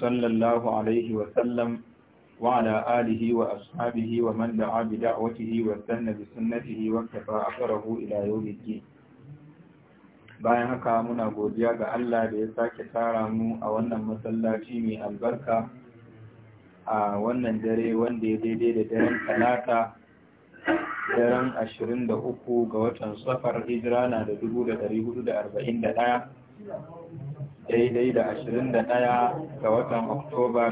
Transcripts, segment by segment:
صلى الله عليه وسلم وعلى آله وأصحابه ومن دعا بدعوته واستنى بسنته واكتفى أثره إلى يوم الدين bayan haka muna godiya ga Allah da ya sake tara mu a wannan masallaci mai albarka a wannan dare wanda ya daidai da daren talata daren 23 ga watan safar hijira na da 1441 daidai da ashirin da ɗaya ga watan Oktoba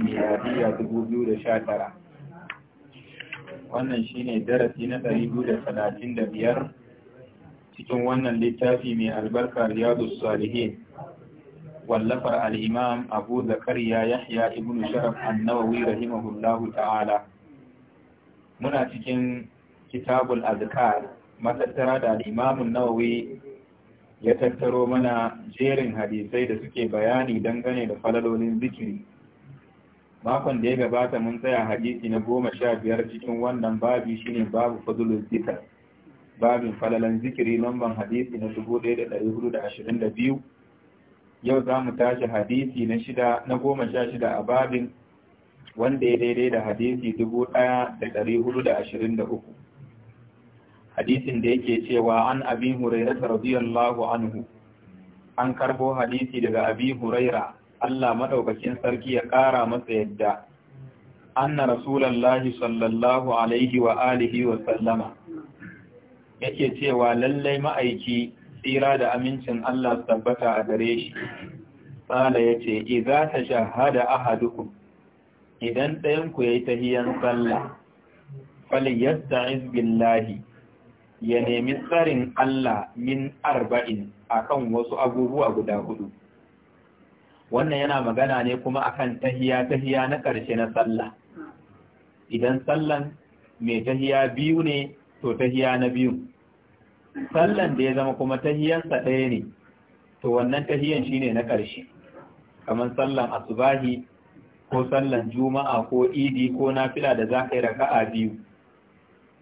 dubu biyu da sha tara. Wannan shine darasi na ɗari biyu da da talatin biyar? cikin wannan littafi mai albarka Riyadu salihi wallafar al'imam abu zakariya yahya Ibnu sharaf annawawi rahimahullahu ta'ala muna cikin kitabul azkar matattara da al'imamun nawawi ya tattaro mana jerin hadisai da suke bayani dangane da falalolin zikiri makon da ya gabata mun tsaya hadisi na goma sha biyar cikin wannan babi shine babu fadulun zikar babin falalan zikiri lamban hadisi na biyu. yau za mu tashi hadisi na shida na goma sha shida a babin wanda ya daidai da hadisi uku. hadisin da yake cewa an abi hurairah radiyallahu anhu an karbo hadisi daga abi huraira Allah madaukakin sarki ya kara masa yadda anna rasulullahi sallallahu alaihi wa alihi wa sallama yake cewa lallai ma'aiki tsira da amincin Allah tabbata a gare shi tsala yace idza shahada ahadukum idan ɗayan ku yayi tahiyan sallah falyasta'iz billahi ya nemi tsarin Allah min arba'in akan wasu abubuwa guda hudu wannan yana magana ne kuma akan tahiya tahiya na ƙarshe na sallah idan sallan mai tahiya biyu ne to tahiya na biyu sallan da ya zama kuma tahiyansa ɗaya ne to wannan tahiyan shi ne na ƙarshe kamar sallan asubahi ko sallan juma'a ko idi ko nafila da za ka yi raka'a biyu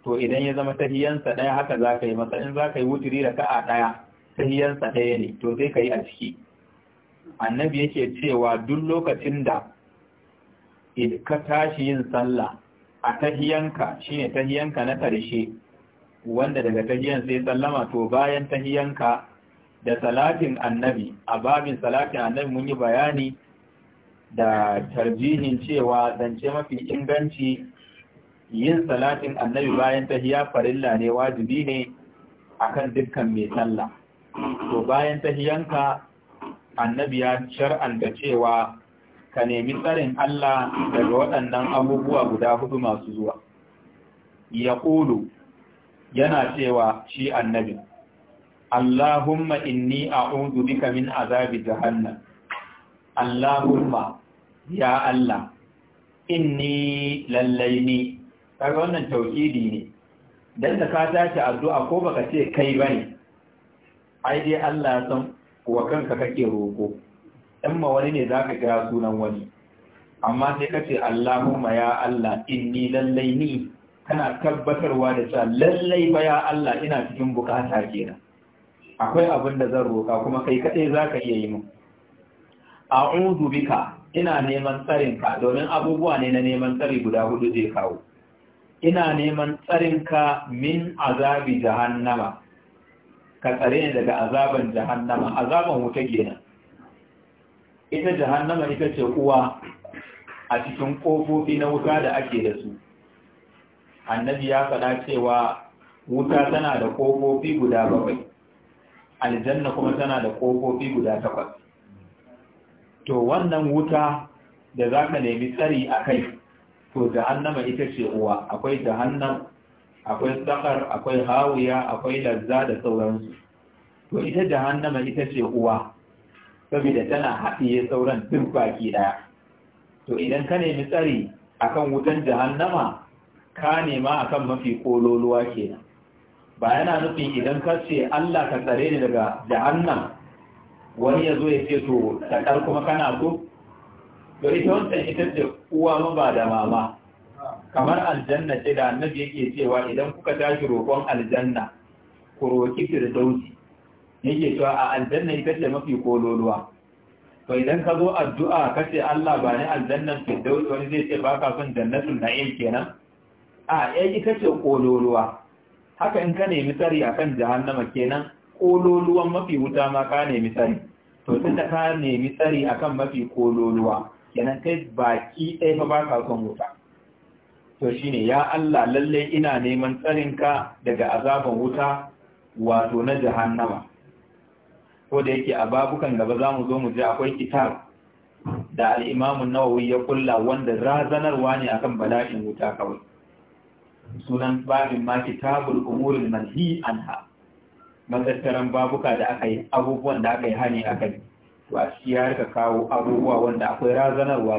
to idan ya zama tahiyansa ɗaya haka za ka yi masa in za ka yi wuturi da ka'a ɗaya tahiyansa ɗaya ne to sai ka yi a ciki annabi yake cewa duk lokacin da ka tashi yin sallah a tahiyanka shine tahiyanka na ƙarshe wanda daga tahiyan sai sallama to bayan tahiyanka da salatin annabi a babin salatin annabi mun yi bayani da tarjihin cewa zance mafi inganci yin salatin annabi bayan tahiya farilla ne wajibi ne akan dukkan mai sallah to bayan tahiyanka annabi ya shar'anta cewa ka nemi tsarin Allah daga waɗannan abubuwa guda hudu masu zuwa ya ƙulu yana cewa shi annabi Allahumma inni a'udhu bika min azabi jahannan. Allahumma ya Allah inni lallai ni kaga wannan tauhidi ne dan da ka tashi addu'a ko baka ce kai bane ai dai Allah ya san kuwa kanka kake roko dan ma wani ne zaka kira sunan wani amma sai kace Allahumma ya Allah inni lallai ni kana tabbatarwa da cewa lallai ba ya Allah ina cikin bukata kenan akwai abin da zan roka kuma kai kadai zaka iya yi min a'udhu bika ina neman tsarin ka domin abubuwa ne na neman tsari guda hudu zai kawo ina neman tsarinka min azabi jahannama ka tsare ni daga azaban jahannama azaban wuta kenan ita jahannama ita ce uwa a cikin kofofi na wuta da ake da su annabi ya faɗa cewa wuta tana da kofofi guda bakwai aljanna kuma tana da kofofi guda takwas to wannan wuta da za ka nemi tsari a kai to jahannama ita ce uwa akwai jahannam akwai sakar akwai hawuya, akwai lazza da sauransu to ita jahannama ita ce uwa saboda tana haɗiye sauran duk baki ɗaya to idan ka nemi tsari a kan wutan jahannama ka nema akan mafi kololuwa kenan ba yana nufin idan ka ce Allah ka tsare ni daga jahannam wani ya zo ya ce to taɗar kuma kana so to ita wancan ita ce uwa ma ba da mama kamar aljanna ce da annabi yake cewa idan kuka tashi roƙon aljanna ku roƙi firdausi yake cewa a aljanna ita ce mafi kololuwa to idan ka zo addu'a ka ce Allah ba ni aljannan firdausi wani zai ce baka son jannatin na'im kenan a ya eh, ita ce kololuwa haka in ka nemi tsari akan jahannama kenan kololuwan mafi wuta ma ka nemi tsari to tunda ka nemi tsari akan mafi kololuwa kenan kai baki ɗaya fa ba ka son wuta to shine ya Allah lallai ina neman tsarinka daga azaban wuta wato na jahannama ko da yake a babukan gaba za mu zo mu ji akwai kitab da al'imamun nawawi ya kulla wanda razanarwa ne akan bala'in wuta kawai sunan babin ma kitabul umurul manhi anha matattaran babuka da aka yi abubuwan da aka yi hani akai Wasu shi ya rika kawo abubuwa wanda akwai razanarwa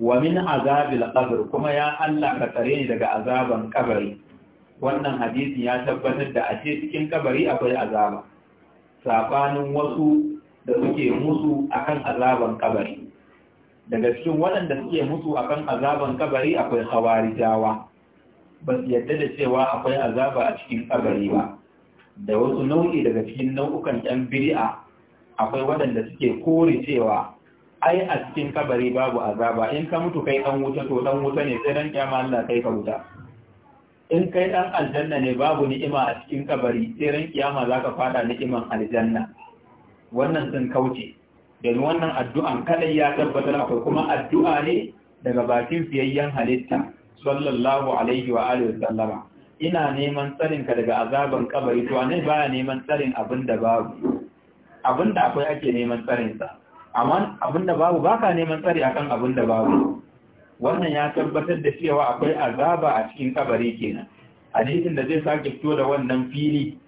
wa min azabil qabr kuma ya Allah ka tsare ni daga azaban kabari wannan hadisi ya tabbatar da a cikin kabari akwai azaba Safanin wasu da suke musu akan azaban kabari daga cikin waɗanda suke musu akan azaban kabari akwai khawarijawa ba su yadda da cewa akwai azaba a cikin kabari ba da wasu nau'i daga cikin nau'ukan yan bid'a akwai waɗanda suke kore cewa ai a cikin kabari babu azaba in ka mutu kai ɗan wuta to ɗan wuta ne sai dan kiyama Allah kai ka wuta in kai ɗan aljanna ne babu ni'ima a cikin kabari sai ran za ka fada ni'iman aljanna wannan sun kauce domin wannan addu'an kadai ya tabbatar akwai kuma addu'a ne daga bakin fiyayyen halitta sallallahu alaihi wa alihi wasallama ina neman tsarin ka daga azaban kabari to ne baya neman tsarin abin da babu abin akwai ake neman tsarinsa amma abin babu baka neman tsari akan abin babu wannan ya tabbatar da cewa akwai azaba a cikin kabari kenan hadisin da zai sake fito da wannan fili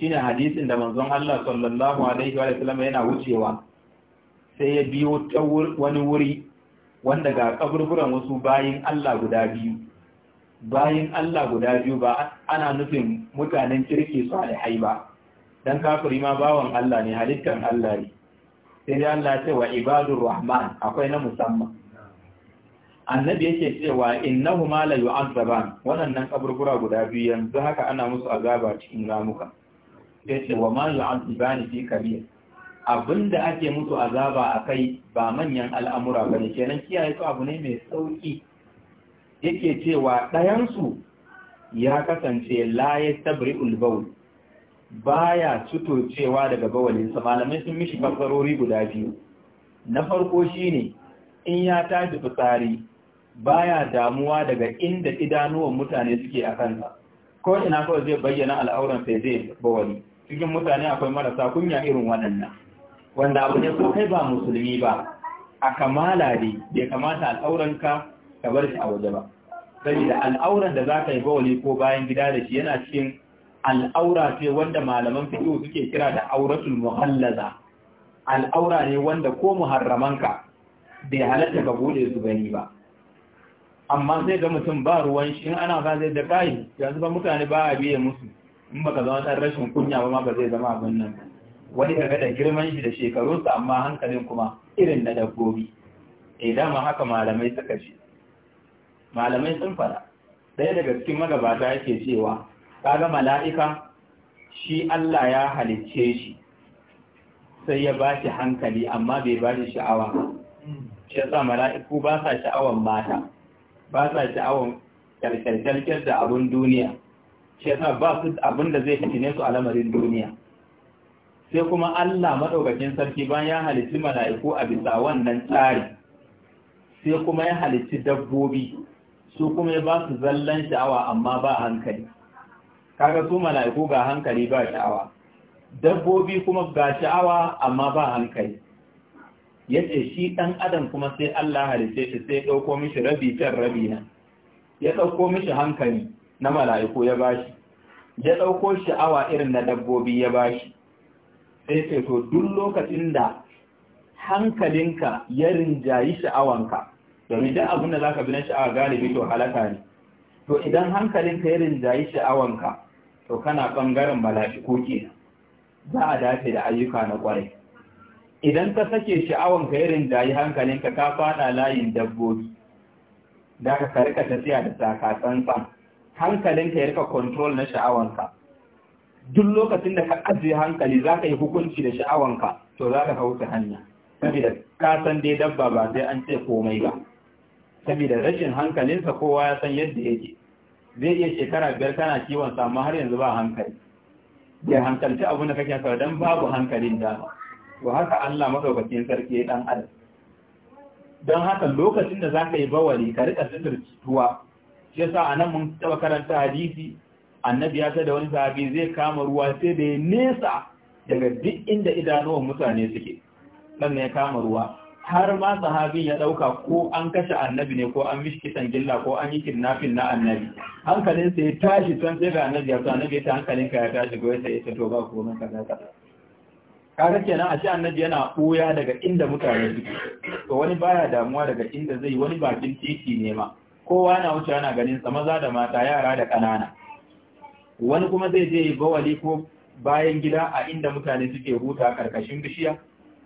shine hadisin da manzon Allah sallallahu alaihi wa sallam yana wucewa sai ya biyo ta wani wuri wanda ga kaburburan wasu bayin Allah guda biyu bayin Allah guda biyu ba ana nufin mutanen kirki salihai ba dan kafiri ma bawan Allah ne halittar Allah ne sai dai Allah ce wa ibadur rahman akwai na musamman annabi yake cewa innahuma la yu'azzaban waɗannan kaburbura guda biyu yanzu haka ana musu azaba cikin ramuka sai ce wa ma yu'azzibani fi kabir abinda ake musu azaba akai ba manyan al'amura bane kenan kiyaye su abu ne mai sauki yake cewa ɗayansu ya kasance la yastabri'ul bawl baya cutocewa daga bawalinsa malamai sun mishi fasarori guda biyu na farko shine in ya tashi fitsari baya damuwa daga inda idanuwan mutane suke a kansa ko ina kawai zai bayyana al'auran sai zai bawali cikin mutane akwai marasa kunya irin waɗannan wanda abu ne ko kai ba musulmi ba a kamala ne bai kamata al'auranka ka bar shi a waje ba saboda al'auran da za ka yi bawali ko bayan gida da shi yana cikin al'aura ce wanda malaman fiƙo suke kira da auratul muhallaza al'aura ne wanda ko muharramanka bai halatta ga bude su gani ba amma sai ga mutum ba ruwan shi in ana ka zai da kayi yanzu ba mutane ba a biye musu in ba ka zama ɗan rashin kunya ba ma ba zai zama abin nan wani daga da girman shi da su, amma hankalin kuma irin na dabbobi eh ma haka malamai suka ce malamai sun fara ɗaya daga cikin magabata yake cewa kaga mala'ika shi Allah ya halicce shi sai ya ba shi hankali amma bai ba shi sha'awa shi yasa mala'iku ba sa sha'awan mata ba sa sha'awan kyalkyalkyalkyar da abun duniya shi yasa ba su abin da zai fitine su a lamarin duniya sai kuma Allah maɗaukakin sarki ban ya halicci mala'iku a bisa wannan tsari sai kuma ya halicci dabbobi su kuma ya ba su zallan sha'awa amma ba hankali kaga su mala'iku ga hankali ba sha'awa dabbobi kuma ga sha'awa amma ba hankali yace shi dan adam kuma sai Allah halice shi sai dauko mishi rabi can rabi nan ya dauko mishi hankali na mala'iku ya bashi ya dauko sha'awa irin na dabbobi ya bashi sai ce to duk lokacin da hankalinka ya rinjayi sha'awanka domin duk abin da zaka bi na sha'awa galibi to halaka ne to idan hankalinka ya rinjayi sha'awanka to kana ɓangaren ko kenan za a dace da ayyuka na kwarai idan ka sake sha'awan ka irin yi hankalinka ka fada layin dabbobi da ka karka tafiya da saka tsantsan hankalinka ya rika control na ka duk lokacin da ka ajiye hankali za ka yi hukunci da ka to za ka kauce hanya saboda ka san dai dabba ba sai an ce komai ba saboda rashin hankalinsa kowa ya san yadda yake zai iya shekara biyar kana kiwon sa amma har yanzu ba hankali ya hankalci abin da kake sawa dan babu hankalin da to haka Allah madaukakin sarki dan adam don haka lokacin da zaka yi bawali ka rika suturtuwa shi yasa anan mun taba karanta hadisi annabi ya ta da wani sahabi zai kama ruwa sai da ya nesa daga duk inda idanuwan mutane suke sannan ya kama ruwa har ma sahabin ya ɗauka ko an kashe annabi ne ko an mishi kisan gilla ko an yi kidnapping na annabi hankalinsa ya tashi san sai ga annabi ya to annabi ya hankalin ka ya tashi goyi sai ya to ba ko mun kaza ka kaga kenan a ce annabi yana buya daga inda mutane suke to wani baya damuwa daga inda zai wani bakin titi ne ma kowa na wuce ana ganin sa maza da mata yara da kanana wani kuma zai je bawali ko bayan gida a inda mutane suke huta karkashin bishiya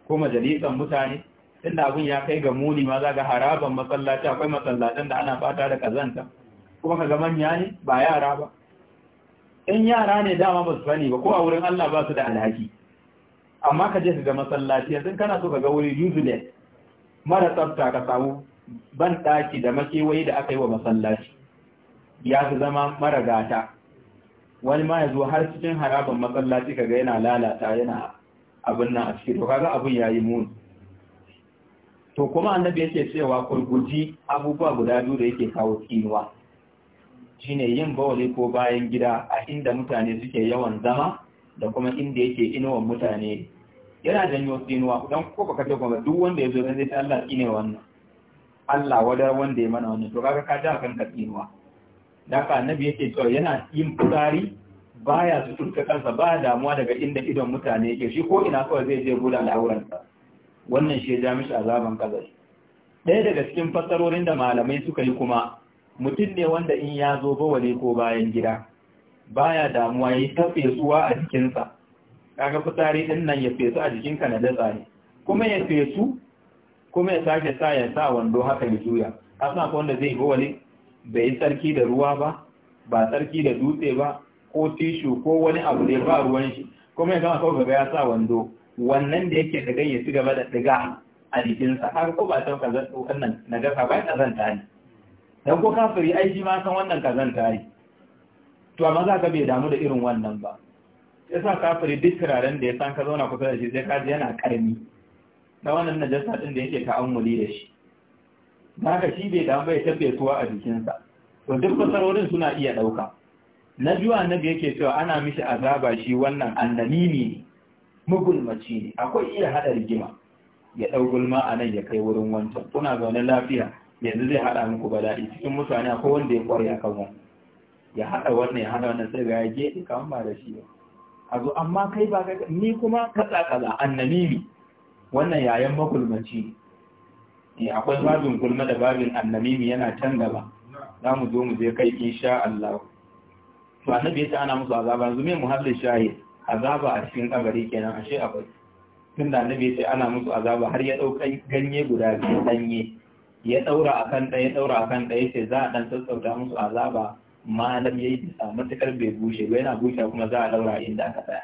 ko majalisar mutane inda abin ya kai ga muni ma za ga haraban masallaci akwai masallatan da ana fata da kazanta kuma ka ga manya ne ba yara ba in yara ne dama ba su sani ba ko a wurin Allah ba su da alhaki amma ka je ka ga masallaci yanzu kana so ka ga wuri useless mara tsafta ka samu ban daki da makewayi da aka yi wa masallaci ya su zama mara gata wani ma ya zo har cikin haraban masallaci ka ga yana lalata yana abin nan a cikin to kaga abin yayi muni to kuma annabi yake cewa ku abubuwa guda biyu da yake kawo tsinuwa shine yin bawali ko bayan gida a inda mutane suke yawan zama da kuma inda yake inuwan mutane yana janyo tsinuwa don ko baka ce kuma duk wanda ya zo zai ta Allah tsine wannan Allah wadar wanda ya mana wannan to kaga ka ja kanka tsinuwa da haka annabi yake cewa yana yin fitsari baya su turka kansa ba damuwa daga inda idon mutane yake shi ko ina kawai zai je gudan al'auransa wannan shi ya mishi azaban kazari ɗaya daga cikin fassarorin da malamai suka yi kuma mutum ne wanda in ya zo bawale ko bayan gida baya damuwa ya ta fesuwa a jikinsa kaga fitsari din nan ya fesu a jikinka na datsa ne kuma ya fesu kuma ya sake sa ya sa wando haka ya juya asan ko wanda zai bawale bai yi sarki da ruwa ba ba sarki da dutse ba ko tishu ko wani abu da ba ruwan shi kuma ya gama kawai ga ya sa wando wannan da yake digan ya ci gaba da diga a jikinsa har ko ba san kazan wannan bayan ba zan tari. dan ko kafiri ai shi ma san wannan zan tari. to amma za ka bai damu da irin wannan ba yasa kafiri duk turaren da ya san ka zauna kusa da shi sai kaji yana karmi na wannan najasa din da yake ta'ammuli da shi da haka shi bai damu bai tuwa a jikinsa to duk fasarorin suna iya ɗauka na biyu annabi yake cewa ana mishi azaba shi wannan ne. magulmaci ne akwai iya haɗa rigima ya ɗau gulma a nan ya kai wurin wancan kuna zaune lafiya yanzu zai haɗa muku bala'i cikin mutane akwai wanda ya kware akan wani ya haɗa wannan ya haɗa wannan sai ga ya ɗin kamar ba da shi a zo amma kai ba ni kuma kaza kaza annamimi wannan yayan makulmanci ne eh, akwai babin gulma da babin annamimi yana can gaba za mu zo mu je kai insha Allah to annabi ya ce ana musu azaba yanzu me muhallin shahid azaba a cikin kabari kenan ashe akwai tun da annabi sai ana musu azaba har ya ɗauka ganye guda biyu ɗanye ya ɗaura a kan ɗaya ɗaura a kan ɗaya sai za a ɗan sassauta musu azaba malam ya yi bisa matuƙar bai bushe ba yana bushe kuma za a ɗaura inda aka tsaya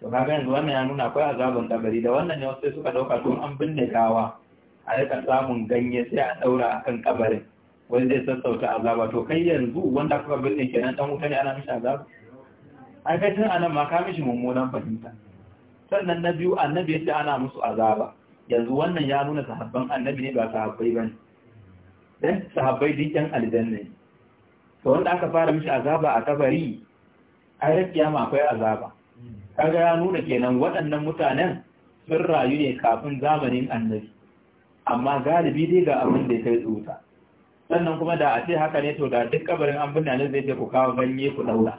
to kaga yanzu wannan ya nuna akwai azaban kabari da wannan ne wasu suka ɗauka tun an binne gawa a rika samun ganye sai a ɗaura a kan kabarin wani zai sassauta azaba to kai yanzu wanda kuka binne kenan ɗan wuta ne ana mishi azaba tun anan ma ka mishi mummunan fahimta sannan na biyu annabi ya ce ana musu azaba yanzu wannan ya nuna sahabban annabi ne ba sahabbai ba ne eh, sahabbai din yan ne to wanda aka fara mishi azaba a kabari ai rakiya ma akwai azaba kaga ya nuna kenan waɗannan mutanen sun rayu ne kafin zamanin annabi amma galibi dai ga abin da ya kai tsuta sannan kuma da a ce haka ne to da duk kabarin an binne ne zai ce ku kawo ganye ku ɗaura.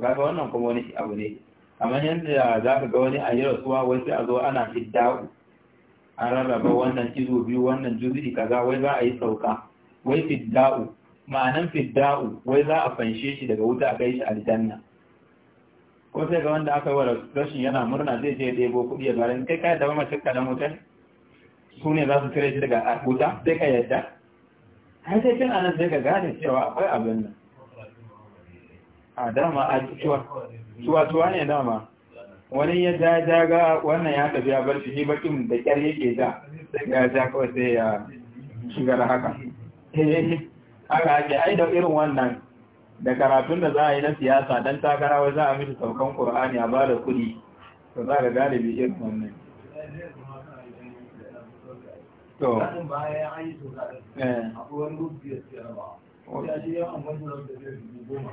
kaga wannan kuma wani abu ne amma yadda za ka ga wani a yi rasuwa wai sai a zo ana fidda'u an rarraba wannan cizo biyu wannan juzi'i kaza wai za a yi sauka wai fidda'u ma'anan fidda'u wai za a fanshe shi daga wuta a kai shi aljanna ko sai ga wanda aka yi wa rashin yana murna zai je ɗebo kuɗi ya bayan kai ka yadda ba mace kaɗan wutar su ne za su cire shi daga wuta sai ka yadda har sai tun anan sai ka gane cewa akwai abin nan a dama a cuwa-cuwa ne dama wani ya ja ja ga wannan ya tafi ya bar shi bakin da kyar yake ja sai ya ja kawai sai ya shigar haka eh, haka ake ai da irin wannan da karatun da za a yi na siyasa don takara wa za a mishi saukan ƙur'ani a ba da kuɗi to za ga galibi irin wannan to eh. bayan an yi to za a wani rufi ya ce ya ce yawan wani da zai goma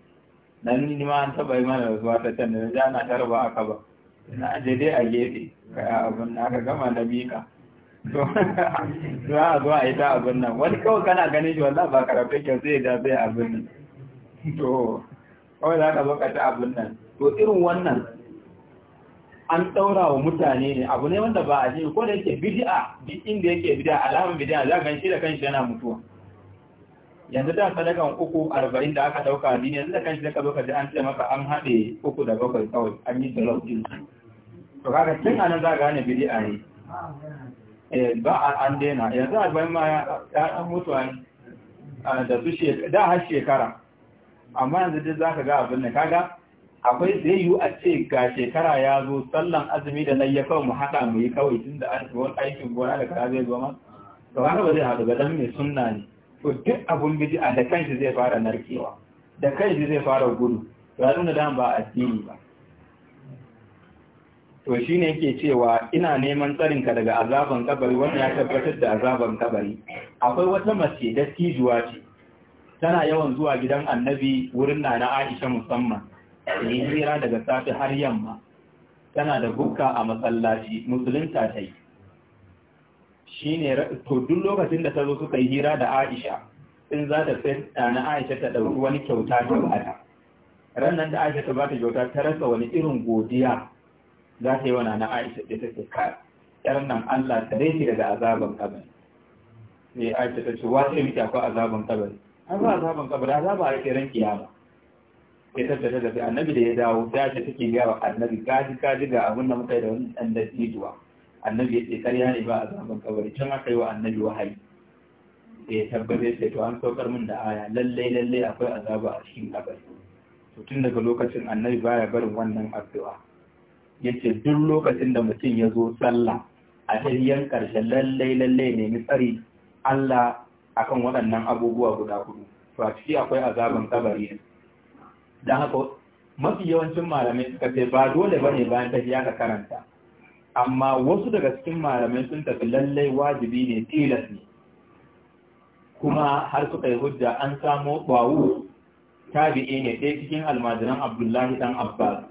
na ni ma an taba yi mana zuwa ta can da na ja na ba aka ba na je dai a gefe abin aka gama na miƙa. to a zuwa a yi ta abin nan wani kawai kana ganin shi wallah ba karfe kyau sai da sai abin nan to kawai za ka zo ka ta abin nan to irin wannan an ɗaura wa mutane ne abu ne wanda ba a ji ko da yake bidi'a duk inda yake bidi'a alamun bidi'a za ka gan shi da kanshi yana mutuwa yanzu da sadakan uku arba'in da aka ɗauka ni yanzu da kan shi daga lokaci an ce maka an haɗe uku da bakwai kawai an yi da din su to kaga tun anan za gane bidi'a ne eh, ba a an daina yanzu arba'in ma ya an mutu da su da har shekara amma yanzu duk za ka ga abin da kaga akwai zai yiwu a ce ga shekara ya zo sallan azumi da nan ya kawai mu haɗa mu yi kawai tun da wani aikin gona da kaza zai zo ma to kaga ba zai haɗu ba dan mai sunna ne to duk abun bid'a da kanshi zai fara narkewa da kanshi zai fara gudu ya nuna dan ba addini ba to shine yake cewa ina neman tsarinka daga azaban kabari wannan ya tabbatar da azaban kabari akwai wata mace da tijuwa ce tana yawan zuwa gidan annabi wurin na na Aisha musamman yi hira daga safi har yamma tana da bukka a masallaci musulunta ta yi shine to duk lokacin da ta zo suka yi hira da Aisha in za ta fi na Aisha ta ɗauki wani kyauta ta wata rannan da Aisha ta ba ta kyauta ta rasa wani irin godiya za ta yi wa na Aisha ta take ka yaran nan Allah ta daiki daga azaban kabari sai Aisha ta ce wa ce miki akwai azaban kabari an ba azaban kabari azaba a ran kiyama sai ta tafi annabi da ya dawo ta ce take wa annabi gaji gaji ga abin da muka yi da wani ɗan da annabi ya ce karya ne ba a zaben kabari can aka yi wa annabi wahayi da ya tabbata ce to an saukar min da aya lallai lallai akwai azaba a cikin kabari to tun daga lokacin annabi baya barin wannan addu'a ce duk lokacin da mutum ya zo sallah a hiriyar ƙarshe lallai lallai nemi tsari Allah akan waɗannan abubuwa guda hudu to a ciki akwai azaban kabari ne don haka mafi yawancin malamai suka ce ba dole ba ne bayan tafiya ka karanta amma wasu daga cikin malamai sun tafi lallai wajibi ne tilas ne kuma har suka yi hujja an samo bawu tabi'i ne ɗaya cikin almajiran abdullahi Dan abbas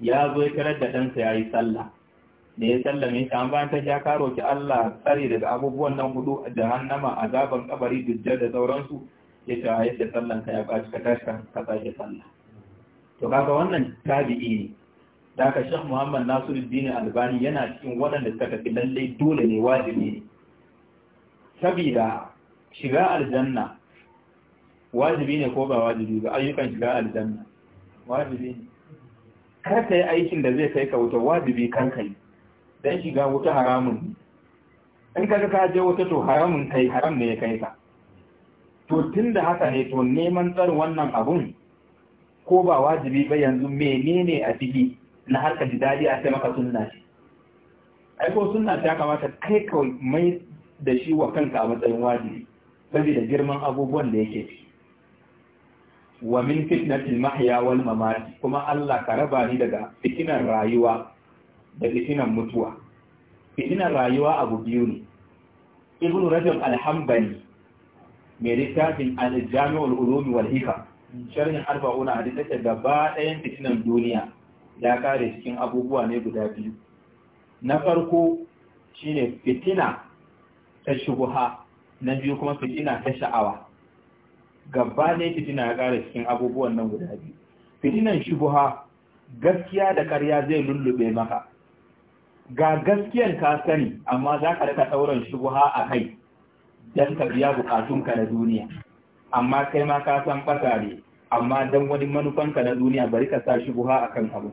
ya zo ya karar da ɗansa ya yi sallah da ya sallame shi an bayan ta sha karo ki Allah tsari daga abubuwan nan hudu da hannama gaban kabari dujjar da sauransu ya ce a yadda sallan ka ya ɓaci ka tashi ka sake sallah to kaga wannan tabi'i ne da aka shek muhammad nasiruddin albani yana cikin waɗanda suka tafi lallai dole ne wajibi ne sabida shiga aljanna wajibi ne ko ba wajibi ba ayyukan shiga aljanna wajibi ne kar ka yi aikin da zai kai ka wuta wajibi kan kai dan shiga wuta haramun in ka ka je wuta to haramun kai haram ne ya kai ka to tunda haka ne to neman tsar wannan abun ko ba wajibi ba yanzu menene a cikin na harka da a sai maka sunna shi ai sunna ta kamata kai kawai mai da shi wa kanka a matsayin wajibi saboda girman abubuwan da yake ci wa min fitnatil mahya wal mamat kuma Allah ka raba ni daga fitinar rayuwa da fitinar mutuwa fitinar rayuwa abu biyu ne ibnu rajab al-hanbali mai littafin al-jami'ul ulum wal hikam sharhin arba'una hadith da gaba ɗayan fitinar duniya ya kare cikin abubuwa ne guda biyu na farko shine fitina ta shubuha na biyu kuma fitina ta sha'awa gaba ne fitina ya kare cikin abubuwan nan guda biyu fitinan shubuha gaskiya da karya zai lullube maka ga gaskiyan ka sani amma za ka rika sauran shubuha a kai don ka biya bukatunka na duniya amma kai ma ka san fasa ne amma dan wani manufanka na duniya bari ka sa a akan abu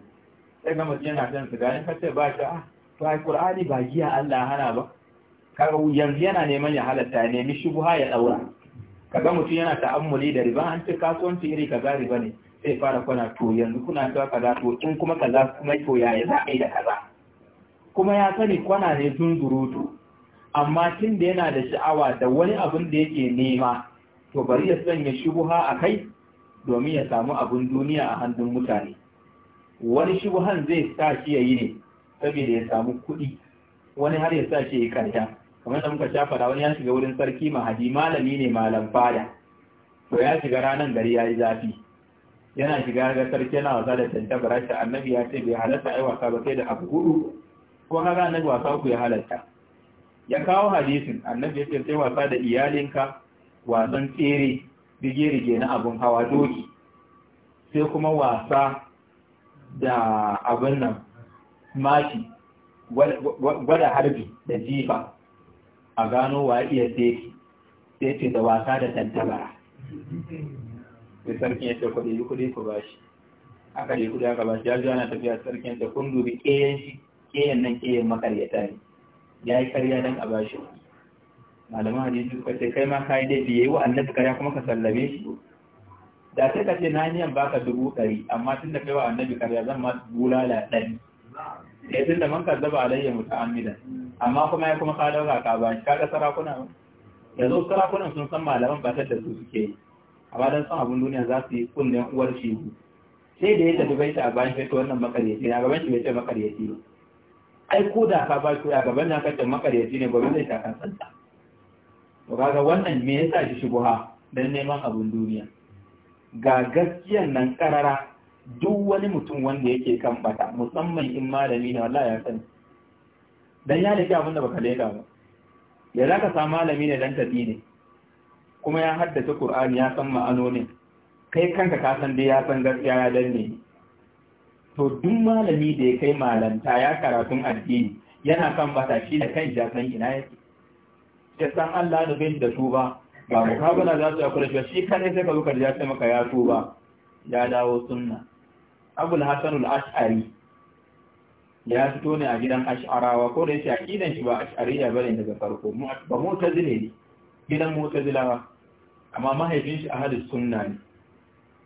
sai ga mutum yana jan sigarin har sai ba shi a ah, to ai qur'ani ba giya Allah hana ba kaga yanzu yana neman ya halatta ya nemi buha ya daura kaga mutum yana ta'ammuli da riba an ce kasuwanci iri kaza riba ne sai fara kwana to yanzu kuna cewa kaza to in kuma kaza kuma to ya yi a yi da kaza kuma ya sani kwana ne zunzurutu amma tun da yana da sha'awa da wani abin da yake nema to bari ya sanya shubuha a kai domin ya samu abin duniya a hannun mutane wani shubuhan zai sa shi ya yi ne saboda ya samu kuɗi wani har ya sa shi ya yi karya kamar da muka sha fara wani ya shiga wurin sarki mahadi malami ne malam fada to ya shiga ranar gari ya yi zafi yana shiga ga sarki yana wasa da tantabara shi annabi ya ce bai halatta ai wasa ba sai da abu hudu ko ka ga annabi wasa ku ya halatta ya kawo hadisin annabi ya ce sai wasa da iyalinka wasan tsere rige-rige na abin hawa doki sai kuma wasa da abin nan maki gwada harbi da jifa a gano wa iya sai ce da wasa da tantabara da sarkin ya ce kuɗi kuɗi ku ba shi aka yi kuɗi aka ba shi ya na tafiya sarkin da kun dubi ƙeyen shi ƙeyen nan ƙeyen makaryata ne ya yi karya don a ba shi malaman hadisi suka ce kai ma ka yi daidai ya yi wa annabi karya kuma ka sallame shi da sai ka ce na niyan baka dubu ɗari amma tun da kai wa annabi karya zan ma bulala ɗari sai eh, tun da man ka zaba alayya muta'ammidan amma kuma ya kuma ka dauka ka ba shi kaga sarakuna yanzu sarakunan sun san malaman ba da su suke yi amma dan san abun duniya za su yi kunnen uwar shi sai da ya tafi bai ta a bayan shi wannan makaryaci ya gaban shi bai ce makaryaci ai ko da ka ba shi a gaban na kace makaryaci ne gobe zai ta kan tsanta to kaga wannan me yasa shi shubuha dan neman abun duniya ga gaskiyan nan karara duk wani mutum wanda yake kan bata musamman in malami ne wallahi ya sani dan ya laifi abin da baka leka ba ya zaka sa malami ne dan tafi ne kuma ya haddace Qur'ani ya san ne kai kanka ka san dai ya san gaskiya ya danne to duk malami da ya kai malanta ya karatun addini yana kan bata shi da kan ja san ina yake ya san Allah da bai da su ba Ba mu mukabala za su yakura shi shi kadai sai ka zo ya ce maka ya ba ya dawo sunna abul hasan al-ash'ari ya fito ne a gidan ash'arawa ko da shi aqidan shi ba ya bane daga farko ba mu'tazile ne gidan mu'tazilawa amma mahaifin shi ahadis sunna ne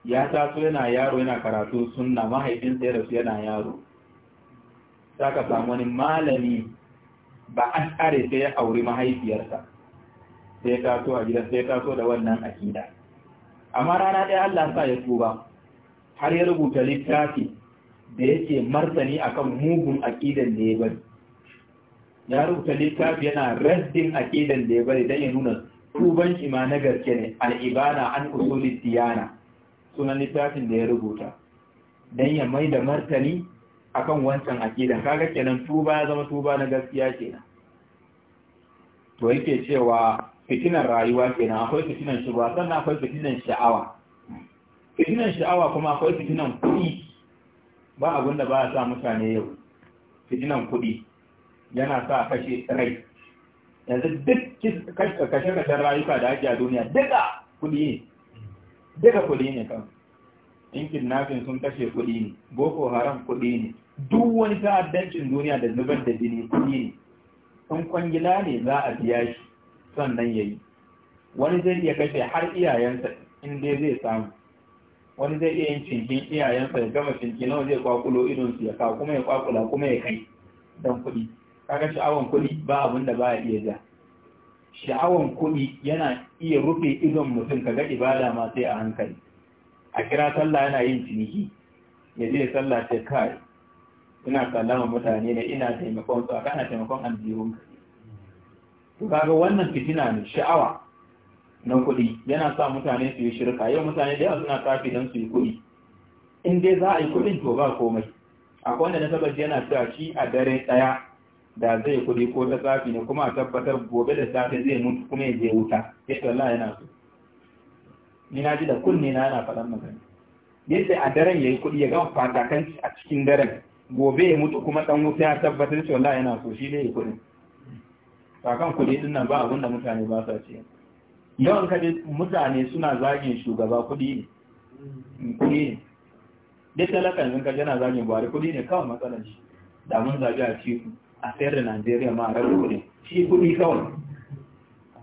ya taso yana yaro yana karatu sunna mahaifinsa ya su yana yaro saka samu wani malami ba an tsare sai ya auri mahaifiyarsa sai ta a gidan sai ta da wannan akida amma rana ɗaya Allah sa ya tuba har ya rubuta littafi da yake martani akan mugun akidan da ya bari ya rubuta littafi yana rasdin akidan da ya bari dan ya nuna tuban shi ma na gaske ne al'ibana an usuli diyana sunan littafin da ya rubuta Dan ya mai da martani akan wancan aqida kaga kenan tuba ya zama tuba na gaskiya kenan to yake cewa fitinar rayuwa kenan akwai fitinan shubha sannan akwai fitinan sha'awa fitinan sha'awa kuma akwai fitinan kuɗi ba abin da ba ya sa mutane yau fitinan kuɗi yana sa kashe rai yanzu duk kashe-kashen rayuka da ake a duniya duka kuɗi ne duka kuɗi ne kan in kidnapping sun kashe kuɗi ne boko haram kuɗi ne duk wani ta'addancin duniya da zubar da jini kuɗi ne sun kwangila ne za a biya shi sannan ya yi wani zai iya kashe har iyayensa in zai samu wani zai iya yin cinkin iyayensa ya gama cinkin nawa zai kwakulo idonsu ya kawo kuma ya kwakula kuma ya kai don kuɗi kaga sha'awan kuɗi ba abin da ba a iya ja sha'awan kuɗi yana iya rufe idon mutum kaga ibada ma sai a hankali a kira sallah yana yin ciniki ya je sallah sai kai ina kallama mutane ne ina taimakon su a kana taimakon aljihun to kaga wannan fitina ne sha'awa na kuɗi yana sa mutane su yi shirka yau mutane da yawa suna kafi don su yi kuɗi in dai za a yi kuɗin to ba komai akwai wanda na tabbaci yana cewa shi a dare ɗaya da zai kuɗi ko ta tsafi ne kuma a tabbatar gobe da safe zai mutu kuma ya je wuta ya ce Allah yana so ni na ji da kunne na yana faɗan magana yadda a daren ya yi kuɗi ya gama fatakanci a cikin daren gobe ya mutu kuma dan wuta ya tabbatar cewa Allah yana so shi ne ya kudin kakan kudi din nan ba abin da mutane ba sa ce yawan kaje mutane suna zagin shugaba kudi ne kudi ne duk talakan sun kaje yana zagin bari kudi ne kawai matsalar shi da mun zagi a ci a sayar da Najeriya ma a rabu kudi shi kudi kawai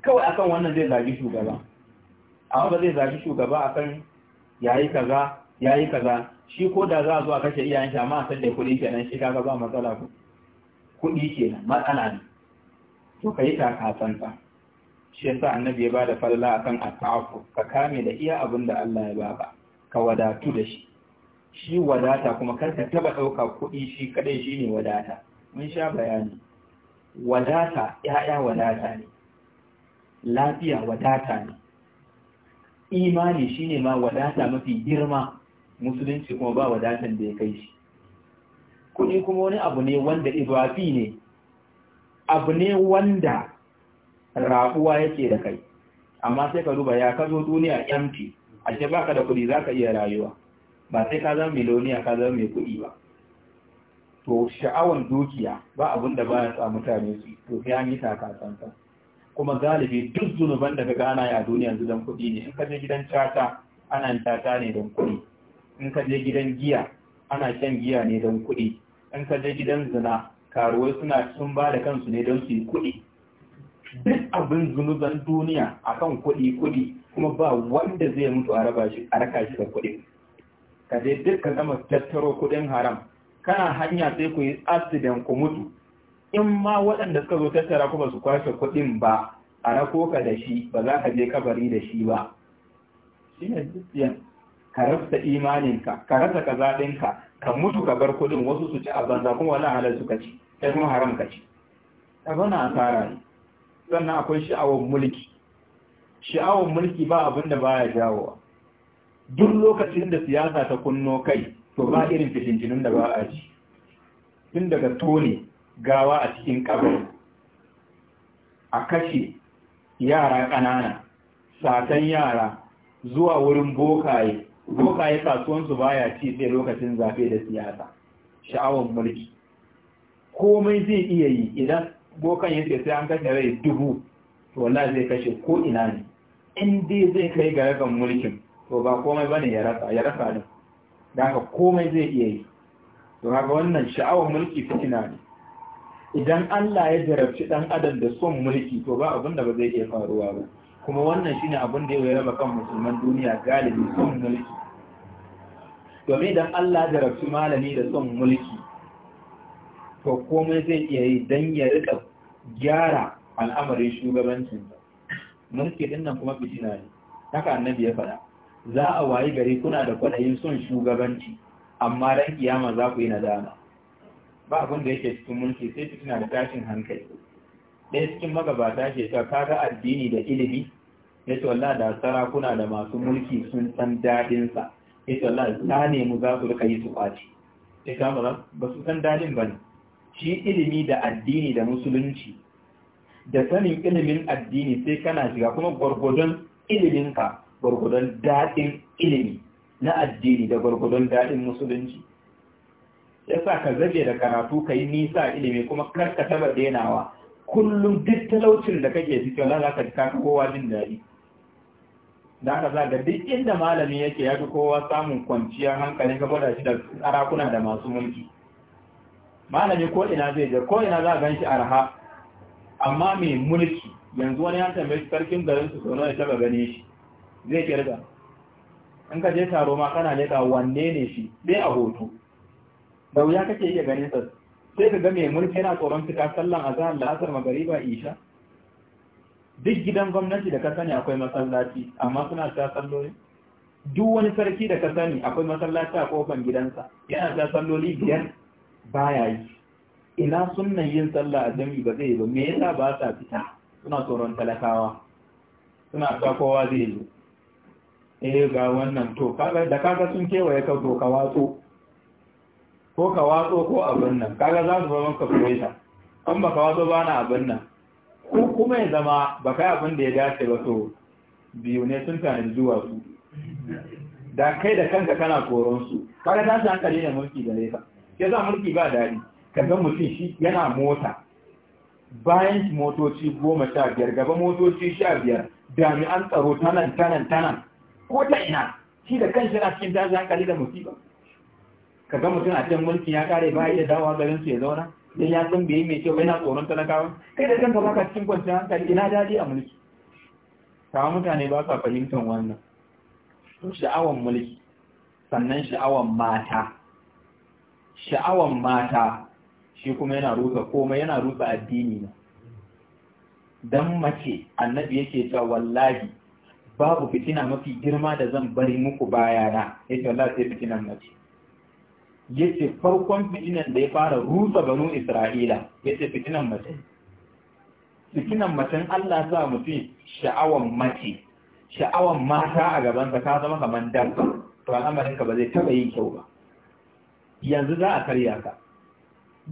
kawai akan wannan zai zagi shugaba amma ba zai zagi shugaba akan yayi kaza yayi kaza shi ko da za a zuwa kashe iyayen shi amma a san kuɗi kenan shi kaga ba matsala ku kuɗi kenan matsala ne to ka yi taka tsantsa shi yasa annabi ya ba da falala akan al'afu ka kame da iya abin da Allah ya ba ka wadatu da shi shi wadata kuma kar ka taba ɗauka kuɗi shi kadai shine wadata mun sha bayani wadata ya'ya wadata ne lafiya wadata ne imani shine ma wadata mafi girma musulunci kuma ba wadatan da ya kai shi kuɗi kuma wani abu ne wanda ibafi ne abu ne wanda rafuwa yake da kai amma sai ka duba ya ka zo duniya empty a ce baka da kuɗi zaka iya rayuwa ba sai ka zama miloniya ka zama mai kuɗi ba to sha'awan dukiya ba abin da baya sa mutane su to sai an yi takatsantsa kuma galibi duk zunuban da ka gana a duniya yanzu kuɗi ne in ka je gidan tata ana yin tata ne don kuɗi in ka je gidan giya ana shan giya ne don kuɗi in ka je gidan zina karuwai suna sun ba da kansu ne don su yi kuɗi duk abin zunuban duniya akan kuɗi kuɗi kuma ba wanda zai mutu a raba shi a raka shi da kuɗi ka je duk ka zama tattaro kuɗin haram kana hanya sai ku yi accident ku mutu in ma waɗanda suka zo tattara kuma su kwashe kuɗin ba a rako ka da shi ba za ka je kabari da shi ba shi ne ka rasa imaninka ka rasa kaza ɗinka ka mutu ka bar kuɗin wasu su ci a kuma wala halal suka ci sai kuma haram ka ci ka a asara ne sannan akwai sha'awar mulki sha'awar mulki ba abin da baya jawo. duk lokacin da siyasa ta kunno kai to ba irin jinin da ba a ji tun daga tone gawa a cikin kabari a kashe yara ƙanana satan yara zuwa wurin bokaye bokaye kasuwansu baya ci sai lokacin zafe da siyasa sha'awar mulki komai zai iya yi idan bokan yake sai an kashe rai dubu to wallahi zai kashe ko ina ne in dai zai kai ga rakan mulkin to ba komai bane ya rasa ya rasa ne da haka komai zai iya yi to haka wannan sha'awar mulki fitina ne idan Allah ya jarabci dan adam da son mulki to ba abin da ba zai iya faruwa ba kuma wannan shine abin da ya raba kan musulman duniya galibi son mulki domin idan Allah da rabu malami da son mulki to komai zai iya yi don ya rika gyara al'amarin shugabancin mulki din nan kuma fitina ne haka annabi ya faɗa za a wayi gari kuna da kwaɗayin son shugabanci amma ran kiyama za ku yi nadama ba abin da yake cikin mulki sai fitina da tashin hankali ɗaya cikin magabata ce ta ga addini da ilimi ya ce wallah da sarakuna da masu mulki sun san daɗinsa ya ce wallah ta nemi za su rika yi su kwaci ya ce ba su san daɗin ba ne shi ilimi da addini da musulunci da sanin ilimin addini sai kana shiga kuma gwargwadon iliminka gwargwadon daɗin ilimi na addini da gwargwadon daɗin musulunci ya sa ka zaje da karatu ka yi nisa ilimi kuma kar taba denawa kullum duk talaucin da kake cikin za ka kowa jin daɗi da aka ga duk inda malami yake ya fi kowa samun kwanciyar hankali ka gwada shi da sarakuna da masu mulki malami ko ina zai je ko ina za a gan shi arha amma mai mulki yanzu wani ya mai sarkin garin su sono ya taba gane shi zai kirga in ka je taro ma kana leka wanne ne shi dai a hoto da wuya kake iya ganin sa sai ka ga mai mulki yana tsoron fita sallan azhar la'asar magariba isha duk gidan gwamnati da ka sani akwai masallaci amma suna ta salloli duk wani sarki da ka sani akwai masallaci a kofan gidansa yana ta salloli biyar baya yi ina sunnan yin sallah a Jami ba zai ba me yasa ba sa fita suna tsoron talakawa suna ta kowa zai zo eh ga wannan to kaga da kaga sun kewaye ka to ka watso ko ka watso ko abin nan kaga za su ba maka koyi an ba ka watso ba na abin nan ko kuma ya zama ba kai abin da ya dace ba to biyu ne sun tana zuwa su da kai da kanka kana koron su kaga san kare ne mulki gare ka ke za mulki ba daɗi ka ga mutum shi yana mota bayan motoci goma sha biyar gaba motoci sha biyar jami'an tsaro tanan tanan tanan ko ta ina shi da kanshi yana cikin tashi hankali da musiba ka ga mutum a can mulki ya kare ba iya dawa garin su ya zauna dan ya san bai mai kyau yana tsoron talakawa kai da kanka baka cikin kwanciyar hankali ina daɗi a mulki kama mutane ba sa fahimtar wannan sha'awan mulki sannan sha'awan mata sha'awan mata shi kuma yana rusa komai yana rusa addini na dan mace annabi yake cewa wallahi babu fitina mafi girma da zan bari muku bayana yake wallahi sai fitinan mace yace farkon fitinan da ya fara rusa banu Isra'ila yace fitinan mace fitinan macen Allah za mu fi sha'awan mace sha'awan mata a gaban ka ka zama kaman dabba to amarin ka ba zai taba yin kyau ba yanzu za a karya ka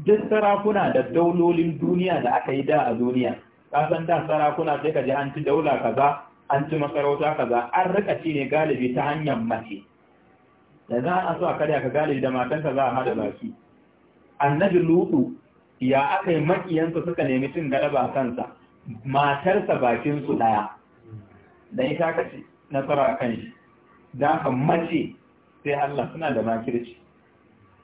duk sarakuna da daulolin duniya da aka yi da a duniya kasan da sarakuna sai ka ji an ci daula kaza an ci masarauta kaza an rika ci ne galibi ta hanyar mace da za a so a karya ka gane da matanka za a hada baki annabi lutu ya aka yi makiyansa suka nemi cin galaba kansa matarsa bakin su ɗaya da ita ka ce nasara kan shi da haka mace sai Allah suna da makirci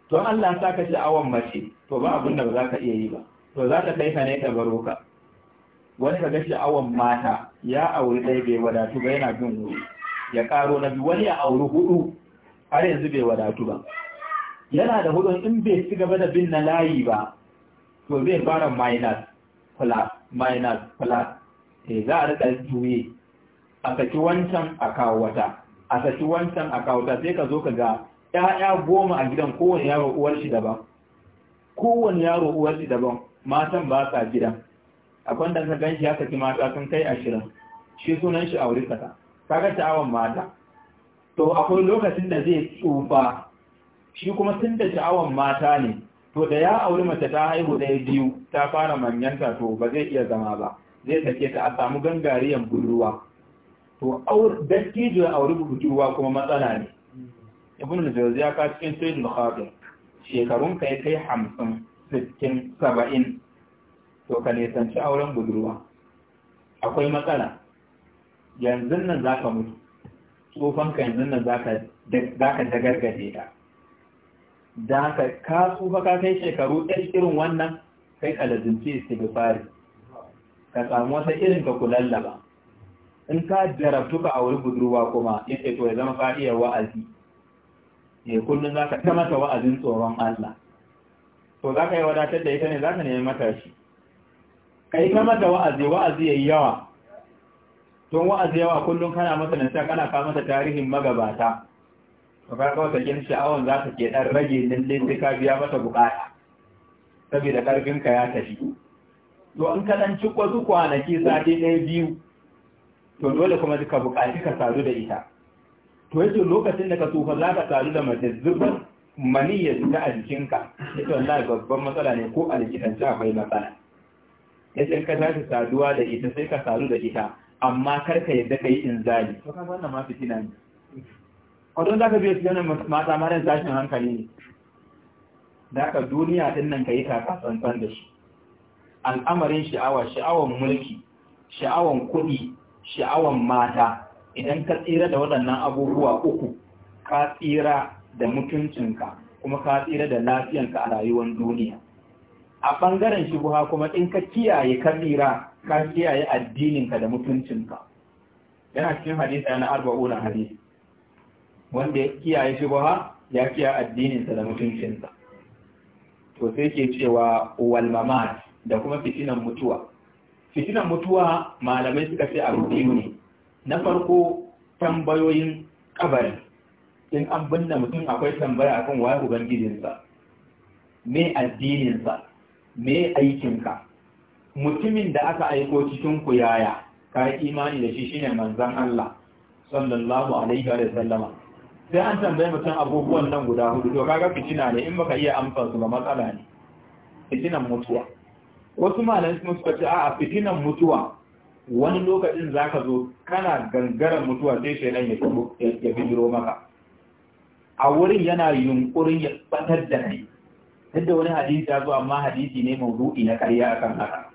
to Allah ta ka awon mace to ba abin da ba za ka iya yi ba to za ta kai ka ne ta baro ka wani ka ga awon mata ya auri ɗaya bai wadatu ba yana bin wuri ya karo na bi wani ya auri hudu har yanzu bai wadatu ba yana da hudun in bai ci gaba da bin na layi ba to zai fara minus plus minus plus sai eh, za a rika juye a saki wancan a kawo wata a saki wancan a kawo wata sai ka zo ka ga ƴaƴa goma a gidan kowane yaro uwar shi daban kowane yaro uwar shi daban matan ba sa gidan akwai da ka ganshi ya saki mata sun kai ashirin shi sunan shi aure kasa kaga awon mata to akwai lokacin da zai tsufa shi kuma sun da sha'awan mata ne to da ya auri mace ta haihu ɗaya biyu ta fara manyanta to ba zai iya zama ba zai sake ta a samu gangariyan budurwa to dattijo ya auri budurwa kuma matsala ne ibn al-jawzi ya ka cikin sayyid al-khadir shekarun ka kai hamsin sittin saba'in to ka nisanci auren budurwa akwai matsala yanzu nan za ka mutu tsofanka yanzu nan za ka dagargaje ta da ka ka tsufa ka kai shekaru ɗan irin wannan kai kalazinci fari ka samu wata irin ka lallaba. in ka jarabtu ka auri budurwa kuma ya ce to ya zama ka iya wa'azi ne eh, kullum za ka mata wa'azin tsoron Allah to za ka yi wadatar da ita ne za ka nemi matashi ka yi ta mata wa'azi wa'azi ya yi yawa tun wa'azi yawa kullum kana masa nan kana ka ta tarihin magabata to ka kawo sakin sha'awan za ta ke dan rage lallin sai ka biya masa bukata saboda karfin ya tafi to an ka dan kwanaki sati ɗaya biyu to dole kuma ka bukaci ka sadu da ita to yace lokacin da ka tsufa za ka sadu da mace zubar mani ya a jikinka ita wallahi babban matsala ne ko a likitance akwai matsala yace ka tashi saduwa da ita sai ka sadu da ita amma karka ka yadda ka yi inzali to kaga wannan ma ne kwadon za ka biya su mata mara tashin hankali ne da ka duniya din nan ka yi kakasantar da shi al'amarin sha'awa sha'awan mulki sha'awan kuɗi sha'awan mata idan ka tsira da waɗannan abubuwa uku ka tsira da mutuncinka kuma ka tsira da lafiyanka a rayuwar duniya a ɓangaren shubuha kuma in ka kiyaye ka tsira ka kiyaye addininka da mutuncinka yana cikin hadisi na arba'una hadisi wanda ya kiyaye ba ya kiyaye addininsa da mutuncinsa to sai ke cewa wal mamat da kuma fitinan mutuwa fitinan mutuwa malamai suka ce abu biyu ne na farko tambayoyin kabari in an binne mutum akwai tambaya akan waye ubangijinsa me addininsa me aikinka mutumin da aka aiko cikin ku yaya ka yi imani da shi shine manzan Allah sallallahu alaihi wa sallama sai an tambaye mutum abubuwan nan guda hudu to kaga fitina ne in baka iya amsa su ba matsala ne fitinan mutuwa wasu malamai sun suka ce a'a fitinan mutuwa wani lokacin zaka zo kana gangaren mutuwa sai shaidan ya ya bijiro maka a wurin yana yunkurin ya batar da kai yadda wani hadisi ya zo amma hadisi ne maudu'i na karya akan haka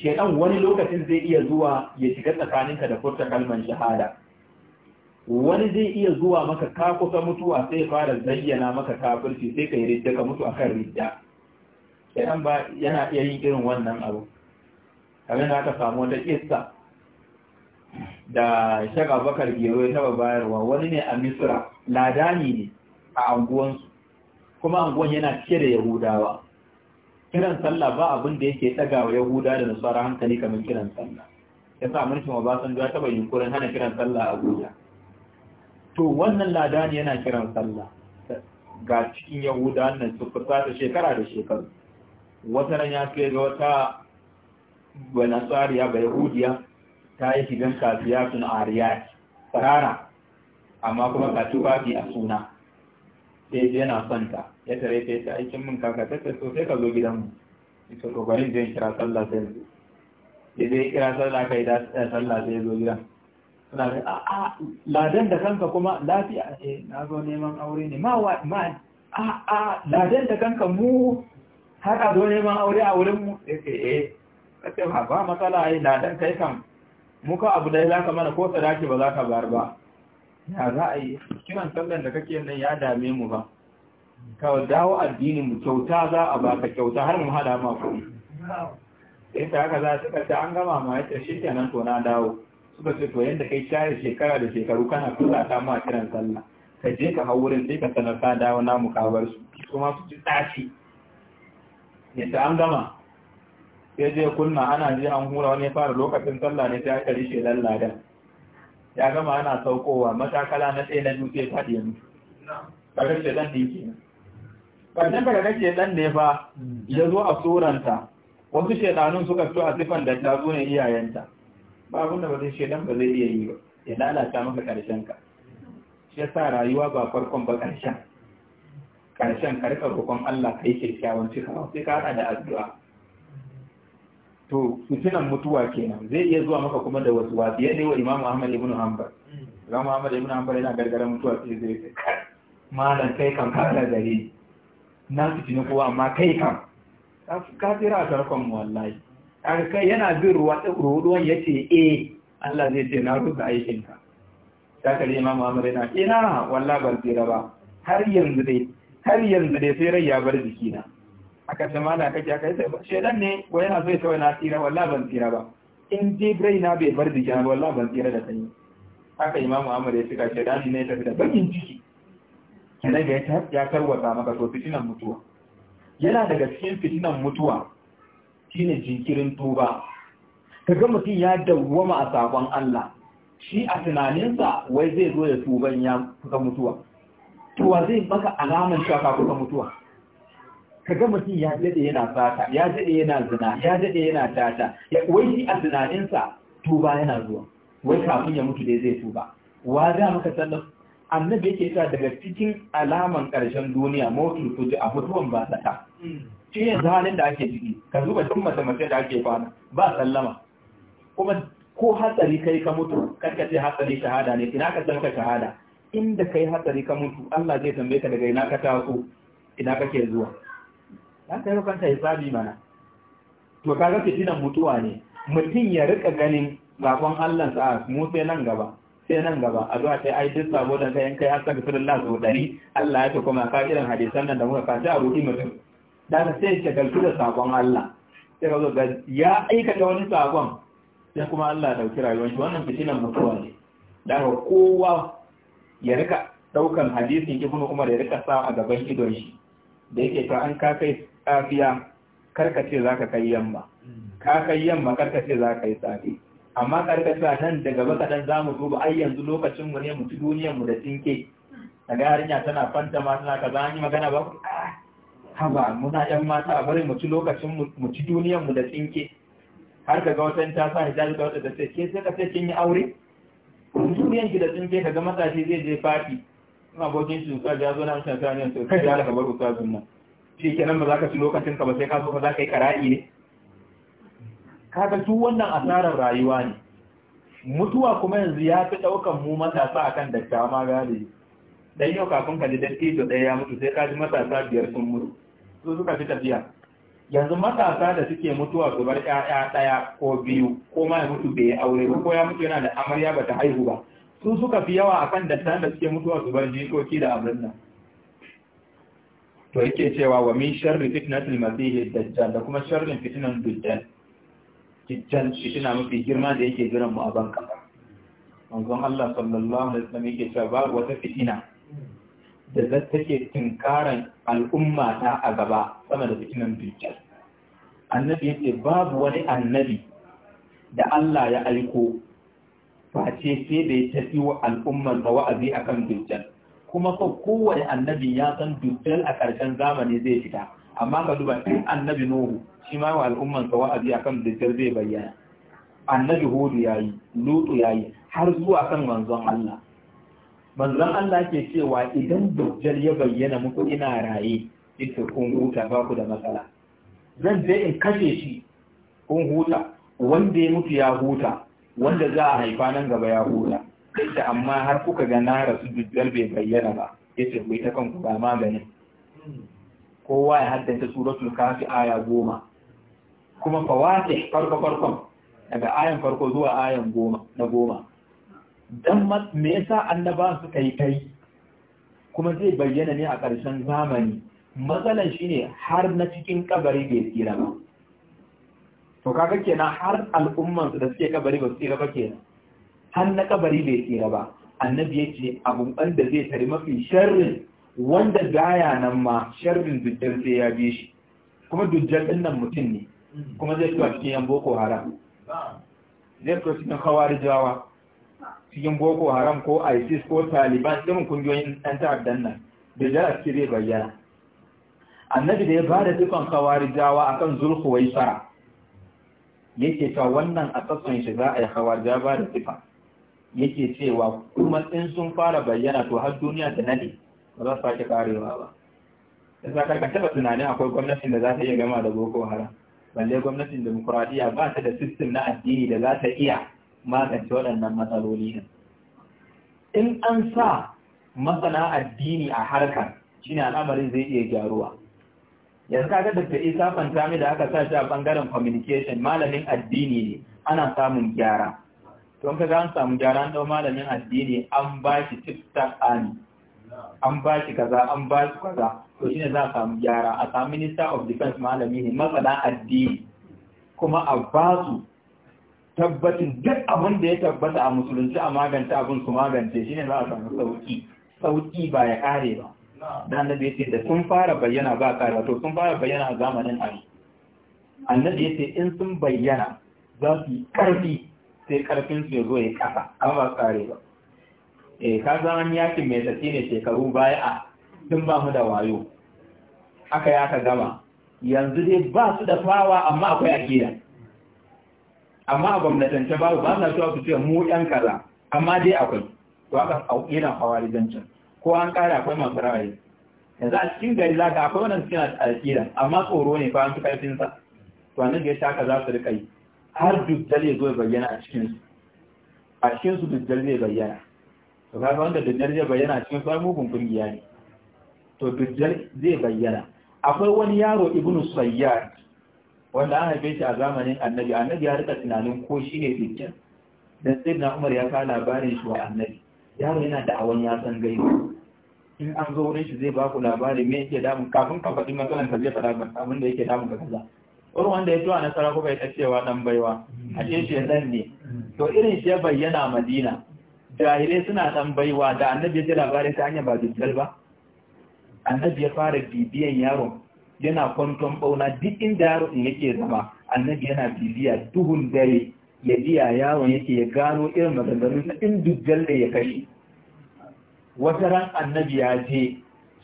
shedan wani lokacin zai iya zuwa ya shiga tsakaninka da furta kalman shahada wani zai iya zuwa maka ka kusa mutuwa sai fara zayyana maka kafirci sai ka yi ridda ka mutu akan ridda shedan ba yana iya yin irin wannan abu kamar da aka samu wata kissa da shaka bakar gero ya taba bayarwa wani ne a misira ladani ne a anguwansu kuma anguwan yana cike da yahudawa kiran sallah ba abin da yake daga wa yahuda da nasara hankali kamar kiran sallah ya sa mulkin obasanjo ya taba yunkurin hana kiran sallah a guda to wannan ladani yana kiran sallah ga cikin yahuda nan su fita da shekara da shekaru wata ran ya kai ga wata banasariya ba yahudiya ta yi shigan kafiya sun ariyat sarara amma kuma ka tufafi a suna sai yana son ta ya tare ta yace aikin min kaka ta so sai ka zo gidan mu ita to bari zai kira sallah sai zo sai zai kira sallah kai da sallah sai zo gidan suna ga a a ladan da kanka kuma lafiya eh na zo neman aure ne ma ma a a ladan da kanka mu har a zo neman aure a wurin mu sai eh sai ba matsala ai ladan kai kan muka abu da ya zaka mana ko sadaki ba za ka bayar ba ya za a yi kiran sallar da kake nan ya dame mu ba ka dawo addinin mu kyauta za a baka kyauta har mu hada ma ku sai ta haka za suka ta an gama ma ya tashi kenan to na dawo suka ce to yanda kai share shekara da shekaru kana kula ta ma kiran sallah ka je ka hau wurin sai ka sanar ka dawo na mu bar su kuma su ci tsaci yadda an gama sai je kunna ana je an hura wani ya fara lokacin sallah ne sai aka rishe lallada ya gama ana saukowa matakala na tsaye na dutse ya faɗi yanzu. mutu kaga ce dan ne kenan karshen kaga kake dan ne ba ya zo a suranta wasu shaidanun suka fito a sifan da ta zo ne iyayenta ba abin da ba zai shaidan ba zai iya yi ba ya lalata maka karshen ka shi sa rayuwa ba farkon ba karshen karshen ka rika roƙon Allah yi kyakkyawan cikawa sai ka hada da addu'a to fitinan mutuwa kenan zai iya zuwa maka kuma da wasu wasu yadda wa imamu ahmad ibn hanbal imamu ahmad ibn hanbal yana gargara mutuwa sai zai ce malam kai kan kara gare na fitini kowa amma kai kan ka tsira a tarkon mu wallahi kaga kai yana bin ruwa ruwan ya ce eh Allah zai ce na rusa aikin ka ta kare imamu ahmad yana ina wallahi ban tsira ba har yanzu dai har yanzu dai sai rai ya bar jikina aka ce mana kake aka yi sai shedan ne ko yana so ya tawaye na tsira wallahi ban tsira ba in Jibrai na bai bar jikin wallahi ban tsira da sanyi haka imamu amur ya shiga shedan ne ya tafi da bakin ciki kenan ga ya tarwata maka so fitinan mutuwa yana daga cikin fitinan mutuwa shine jinkirin tuba kaga mutum ya dawwama a sakon Allah shi a tunaninsa wai zai zo ya tuban ya kuka mutuwa to wa zai baka alaman shaka kuka mutuwa ka ga mutum ya daɗe yana fata ya daɗe yana zina ya daɗe yana tata wai shi a zinaninsa tuba yana zuwa wai kafin ya mutu dai zai tuba wa za maka sanna annabi yake sa daga cikin alaman ƙarshen duniya motul kuji a mutuwan ba saka shi ne halin da ake ciki ka zuba duk mace mace da ake kwana ba sallama kuma ko hatsari kai ka mutu karka ce hatsari shahada ne ina ka san ka shahada inda kai hatsari ka mutu Allah zai tambaye ka daga ina ka taso ina kake zuwa dan kai kanta hisabi mana to kaga fitinan mutuwa ne mutum ya rika ganin gaban Allah sa mu sai nan gaba sai nan gaba a zuwa sai ai duk sabo da kai kai astaghfirullah so dari Allah ya ta kuma ka irin hadisan nan da muka kace a ruhi mutum dan sai ya galtu da sabon Allah sai ka zo ga ya aikata wani sabon sai kuma Allah ya dauki rayuwar shi wannan fitinan mutuwa ne dan kowa ya rika daukan hadisin ibnu Umar ya rika sa a gaban idon shi da yake to an ka kai safiya karka ce za ka kai yamma ka kai yamma karka ce za ka yi safi amma karkasa nan daga baka dan za mu duba ai yanzu lokacin mu ne mu ci duniyar mu da tinke daga yarinya tana fanta ma tana kaza an yi magana ba ah, haba muna yan mata a bari mu ci lokacin mu ci duniyar mu da tinke har ka ga wata ta sa hijabi ta wata ta ce ke sai ka ce kin yi aure duniyar ki da tinke ka ga matashi zai je fati ina bokin shi ka ja zo na mutan sanin to kai ya ka bar usazun nan shi kenan ba za ka ci lokacin ka ba sai ka zo ba za ka yi kara'i ne kaga duk wannan asarar rayuwa ne mutuwa kuma yanzu ya fi ɗaukan mu matasa akan dattawa ma galibi dan yau kafin ka ji dattijo ɗaya ya mutu sai ka ji matasa biyar sun mutu su suka fi tafiya yanzu matasa da suke mutuwa su bar ƴaƴa ɗaya ko biyu ko ma ya mutu bai yi aure ba ko ya mutu yana da amarya ba ta haihu ba su suka fi yawa akan dattawan da suke mutuwa su bar jikoki da abin nan to yake cewa wa min sharri fitnatil masih dajjal da kuma sharrin fitnan dajjal dajjal mafi girma da yake jira mu a banka? kasa manzon Allah sallallahu alaihi wasallam yake cewa ba wata fitina da za take tinkaran al'umma ta a gaba sama da fitinan dajjal annabi yake babu wani annabi da Allah ya aiko face sai da ya tafi wa al'ummar ba wa'azi akan dajjal kuma ko kowane annabi ya san dukkan a ƙarshen zamani zai fita amma ka duba in annabi nuhu shi ma wa al'umman sa wa'azi akan dukkan zai bayyana annabi hudu ya yi, lutu ya yi, har zuwa kan manzon Allah manzon Allah ke cewa idan dukkan ya bayyana muku ina raye ita kun huta ba ku da matsala zan je in kashe shi kun huta wanda ya mutu ya huta wanda za a haifa nan gaba ya huta duk da amma har kuka ga na rasu dujjal bai bayyana ba ya ce ku yi ta kanku ba magani kowa ya haddanta suratul kafi aya goma kuma fawati farko farkon daga ayan farko zuwa ayan goma na goma dan me yasa annaba su kai kai kuma zai bayyana ne a ƙarshen zamani matsalan shine har na cikin kabari bai tsira ba to kaga kenan har al'umman su da suke kabari ba su tsira ba kenan har na kabari bai tsira ba annabi ya ce abun da zai tari mafi sharrin wanda gaya nan ma sharrin dujjal sai ya bi shi kuma dujjal ɗin nan mutum ne kuma zai fito cikin yan boko haram zai fito cikin jawa, cikin boko haram ko isis ko taliban irin kungiyoyin ɗan ta'addan nan da a cikin zai bayyana annabi da ya ba da dukkan hawarijawa akan zulhuwaisara yake ta wannan a sassan shi za a yi ba da tukan yake cewa kuma in sun fara bayyana to har duniya ta nane ba za su sake karewa ba yasa karka taba tunanin akwai gwamnatin da za ta iya gama da boko haram balle gwamnatin demokuraɗiyya ba ta da sistem na addini da za ta iya magance waɗannan matsaloli ne in an sa masana addini a harkar ne al'amarin zai iya gyaruwa yanzu kaga da ta isa fantami da aka sa shi a bangaren communication malamin addini ne ana samun gyara don ka an samu gyara an malamin addini an ba shi tiftar ani an ba shi kaza an ba shi kaza to shine za a samu gyara a samu minister of defense malami ne matsala addini kuma a ba su tabbatin duk abin da ya tabbata a musulunci a magance abin su magance shine za a samu sauki sauki ba ya kare ba da annabi ce da sun fara bayyana ba kare to sun fara bayyana a zamanin ari annabi ce in sun bayyana za su yi karfi sai karfin su ya zo ya kasa amma ba tsare ba eh ka san an yakin mai sake ne shekaru baya a tun ba mu da wayo aka ya ka gama yanzu dai ba su da fawa amma akwai akida amma a gwamnatance babu ba na cewa su ce mu yan kaza amma dai akwai to aka yana fawa rijancin ko an kara akwai masu ra'ayi yanzu a cikin gari za ka akwai wannan suna alƙira amma tsoro ne fa an fi karfin a to annabi ya saka za su rika yi har dujjal ya zo ya bayyana a cikinsu a cikinsu dujjal zai bayyana to kaga wanda dujjal zai bayyana a cikin su ai mugun kungiya ne to dujjal zai bayyana akwai wani yaro ibnu sayyad wanda an haife shi a zamanin annabi annabi ya rika tunanin ko shi ne dujjal dan sai na umar ya kawo labarin shi wa annabi yaro yana da awon ya san gaisu in an zo wurin shi zai baku labarin me yake damun kafin ka faɗi matsalan ka zai faɗa abin da yake damun ka kaza wani wanda ya tuwa nasara kuka yi cewa dan baiwa hmm. a ce shi dan ne to irin shi ya bayyana madina jahilai suna dan baiwa da annabi ya ji labari ta hanyar ba dujjal ba annabi ya fara bibiyan yaron yana kwanton bauna duk inda yaron yake zama annabi yana bibiya duhun dare ya biya yaron yake ya gano irin maganganun na in dujjal da ya kashe wata ran annabi ya je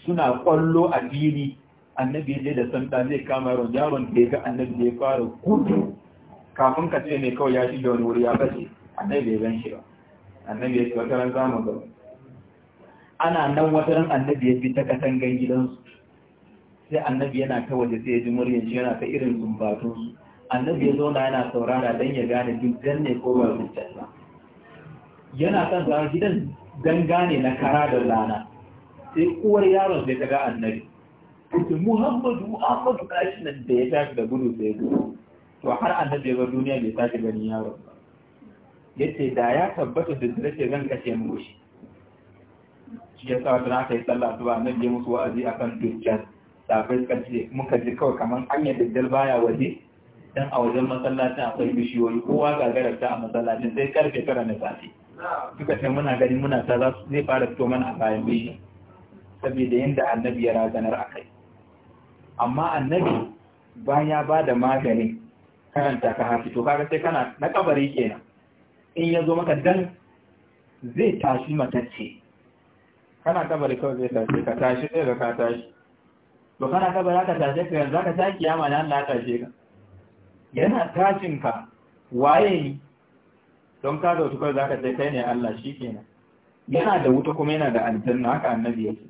suna kwallo a fili annabi ya je da sanda zai kama yaron yaron da ya ga annabi ya fara kudu kafin ka ce mai kawai ya shi da wani wuri ya bace annabi ya gan shi ba annabi ya ce wata ran zamu ba ana nan wata ran annabi ya fi ta katangan gidansu sai annabi yana ta waje sai ya ji muryar shi yana ta irin sumbatunsu annabi ya zauna yana saurara dan ya gane duk ne ko ba su ba yana son sa gidan dan gane na kara da rana sai uwar yaron sai ta ga annabi kuke muhammadu muhammadu kashi nan da ya tashi da gudu da ya gudu to har an ya ba duniya bai tashi gani yaro ba yace da ya tabbata da su rake zan kashe mu shi shi ya sa wata aka yi sallah zuwa na ya musu wa'azi akan dujjal safai suka ce muka ji kawai kamar hanyar daddal baya waje dan a wajen masallacin akwai bishiyoyi kowa gagarar ta a masallacin sai karfe tara na safe suka ce muna gani muna ta za su zai fara fito mana a bayan bishi saboda yadda annabi ya razanar a kai amma annabi bayan ya ba da magani karanta ka hafi to kaga sai kana na kabari kenan in ya zo maka dan zai tashi matacce kana kabari kawai zai tashi ka tashi sai ka ka tashi to kana kabari ka tashi ka yanzu ka tashi kiyama na Allah ka tashe ka yana tashin ka waye ni don ka zo tukar zaka sai kai ne Allah shi kenan yana da wuta kuma yana da aljanna haka annabi yake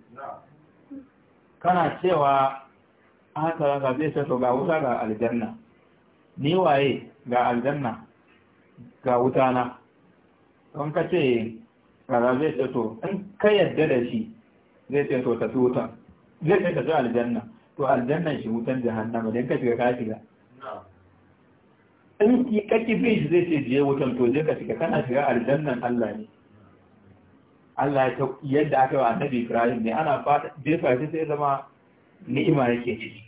kana cewa haka ga zai sato ga wuta ga aljanna ni waye ga aljanna ga wuta na don ka ce kaza zai sato in ka yadda da shi zai sato ta wuta zai sato ta aljanna to aljanna shi wutan jahannama don ka shiga ka shiga in ki kake bin shi zai ce je wutan to je ka shiga kana shiga aljannan Allah ne Allah ya yadda aka yi wa annabi Ibrahim ne ana fata jefa shi sai zama ni'ima yake ciki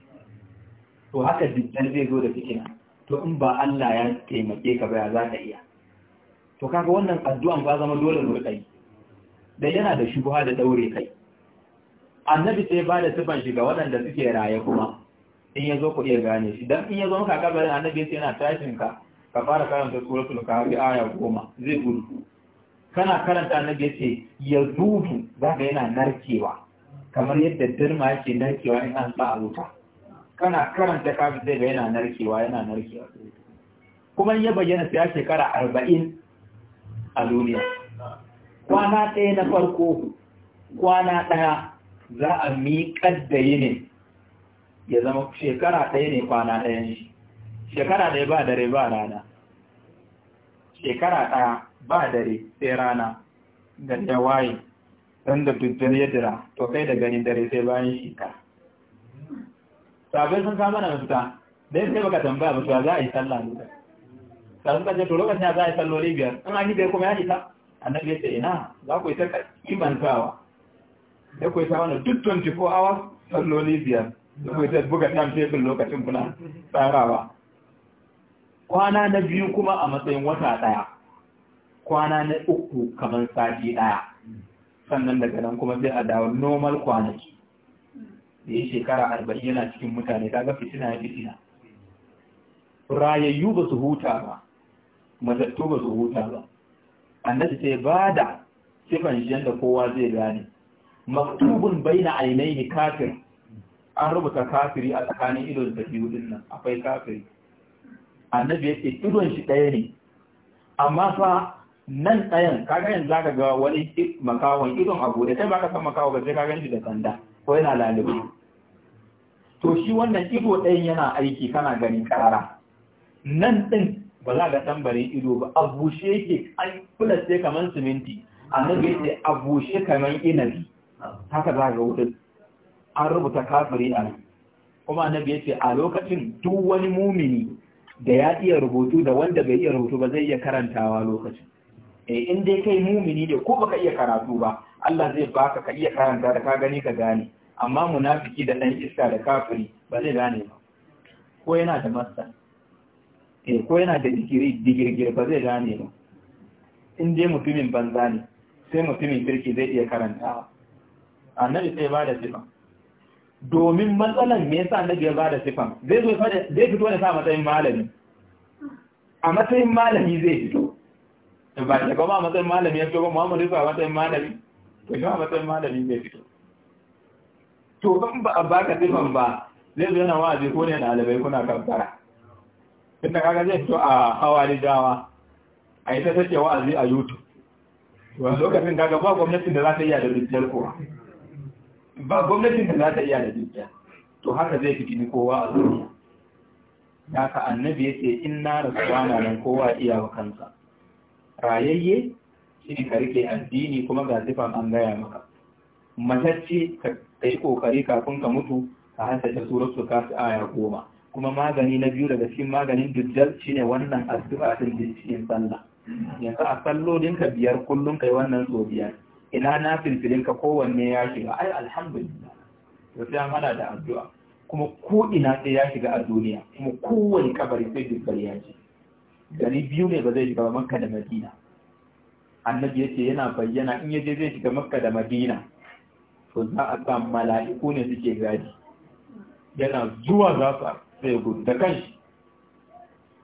to haka dukkan zai zo da fitina to in ba Allah ya taimake ka ba za ka iya to kaga wannan addu'an ba zama dole mu kai da yana da shubha da daure kai annabi sai ba da tuban shi ga waɗanda suke raye kuma in ya zo ku iya gane shi dan in ya zo maka annabi sai yana tashin ka ka fara karanta suratul kahfi aya 10 zai gudu kana karanta annabi yace ya zubu zaka yana narkewa kamar yadda dirma yake narkewa in an sa a wuta kana karanta kafin zai ga yana narkewa yana narkewa kuma ya bayyana sai shekara arba'in a duniya kwana ɗaya na farko kwana ɗaya za a miƙar da ne ya zama shekara ɗaya ne kwana ɗayan shi shekara ɗaya ba dare ba rana shekara ɗaya ba dare sai rana da ɗaya waye don da dujjar ya to kai da ganin dare sai bayan shekara sabai sun kama na mafita da sai baka tambaya ba to za a yi sallah ne ta sun kace to lokacin za a yi salloli biyar in an yi bai kuma ya isa annabi ya ce ina za ku yi ta kimantawa ya ku yi ta wani duk 24 hours salloli biyar da ku yi ta buga time table lokacin kuna tsarawa kwana na biyu kuma a matsayin wata ɗaya kwana na uku kamar sati ɗaya sannan daga nan kuma sai a dawo normal kwanaki da ya shekara arba'in yana cikin mutane ta gafi fitina ya fitina rayayyu ba su huta ba matattu ba su huta ba annabi sai ba da sifan shi yadda kowa zai gane maktubun baina ainihi kafir an rubuta kafiri a tsakanin idon da biyu din nan akwai kafiri annabi ya ce idon shi ɗaya ne amma fa nan ɗayan kaga yanzu zaka ga wani makawon idon abu da kai ka san makawo ba sai ka gan shi da sanda ko yana lalibu to shi wannan ido ɗayan yana aiki kana gani ƙara nan ɗin ba za ga tambarin ido ba a bushe yake an kula sai kamar siminti annabi ya ce a bushe kamar inabi haka za ga wutar an rubuta kafiri a nan kuma annabi ya a lokacin duk wani mumini da ya iya rubutu da wanda bai iya rubutu ba zai iya karantawa lokacin eh, in dai kai mumini ne ko baka iya karatu ba Allah zai baka ka iya karanta da ka gani ka gane amma munafiki da ɗan iska da kafiri ba zai gane ba ko yana da masta eh ko yana da digirgir ba zai gane ba in dai mutumin banza ne sai mutumin kirki zai iya karantawa annabi sai ba da sifa domin matsalan me yasa annabi ya ba da sifa zai zo zai fito da sa matsayin malami a matsayin malami zai fito ba shi ba matsayin malami ya fito ba Muhammadu ba matsayin malami to shi matsayin malami zai fito to ban ba a baka sifan ba zai zo yana wa'azi ko ne ɗalibai kuna kamfara tun da kaga zai fito a hawa da dawa a yi ta sace wa'azi a youtube wani lokacin kaga ba gwamnatin da za ta iya da dukiyar kowa ba gwamnatin da za ta iya da dukiya to haka zai gini kowa a zuriya ya ka annabi ya ce in na rasuwa na nan kowa iya wa kansa rayayye shi ne ka rike addini kuma ga zifan an gaya maka matacce ka yi kokari kafin ka mutu ka hasashe su kafi aya goma kuma magani na biyu daga cikin maganin dujjal ne wannan addu'a din yin sallah yanzu a sallolin ka biyar kullum kai wannan so ina na filfilin ka kowanne ya shiga ai alhamdulillah to sai an hada da addu'a kuma ko ina sai ya shiga a duniya kuma kowane kabari sai dujjal ya ce gari biyu ne ba zai shiga makka da madina annabi yace yana bayyana in ya je zai shiga makka da madina to za a sa mala'iku ne suke gadi yana zuwa za su sai gudu da kanshi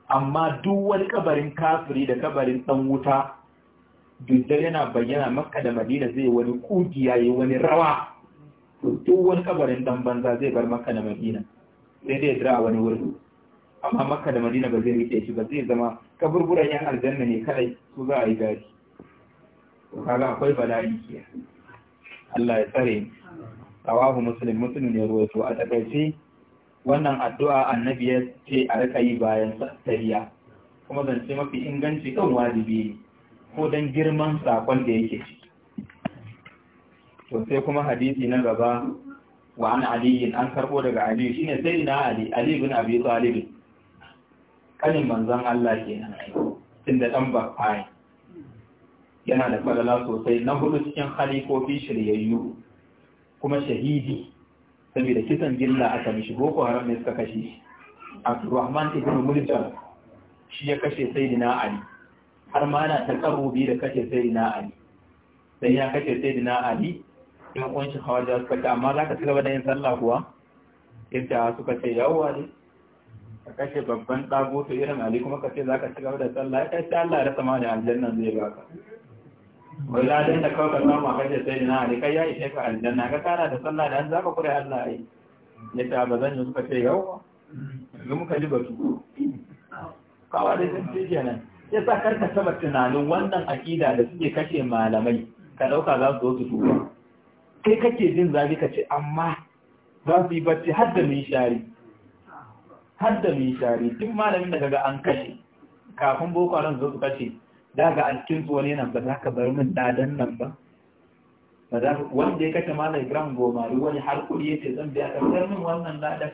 amma duk wani kabarin kafiri da kabarin dan wuta duddar yana bayyana makka da madina zai wani kugiya yi wani rawa to duk wani kabarin dan banza zai bar makka da madina sai dai dira wani wurin amma makka da madina ba zai rike shi ba zai zama kaburburan yan aljanna ne kadai su za a yi gadi kaga akwai bala'i kenan Allah ya tsare tsawahu musulun muslim ya ruwaito a takaice wannan addu'a annabi ya ce a rika yi bayan tariya kuma zance mafi inganci kan wajibi ko don girman sakon da yake ci to sai kuma hadisi na gaba wa an aliyin an karbo daga aliyu shine sai na ali ali abi talib kanin manzon Allah kenan tun da dan bakfai yana da falala sosai na hudu cikin halifofi shiryayyu kuma shahidi saboda kisan gilla aka mishi boko haram ne suka kashe shi abdurrahman ibn mulkar shi ya kashe sayyidina ali har ma yana ta takarrubi da kashe sayyidina ali sai ya kashe sayyidina ali yan kunshi shi hawaja suka ce amma za ka ci gaba da yin sallah kuwa yadda suka ce yawwa ne ka kashe babban ɗago to irin ali kuma ka ce za ka ci gaba da sallah ya kashe allah ya rasa ma da aljannan zai ba ka. wai ladan da kawai kallon ma kace sai na ali kai ya ishe ka aljanna ga kana da sallah da an zaka kure Allah ai ya ta ba zan yi suka ce yau ga muka ji batu kawa da sun ce kenan ya sa karka taba tunanin wannan akida da suke kashe malamai ka dauka za su zo su tuba kai kake jin zafi ka ce amma za su yi bacci har da mun shari har da mun shari duk malamin da kaga an kashe kafin boko haram zo su kashe da ga alkin wani nan ba za ka bar min dadan nan ba ba za wanda ya kashe malam gram goma wani har kuɗi yace ce zan biya ka karɓar min wannan dadan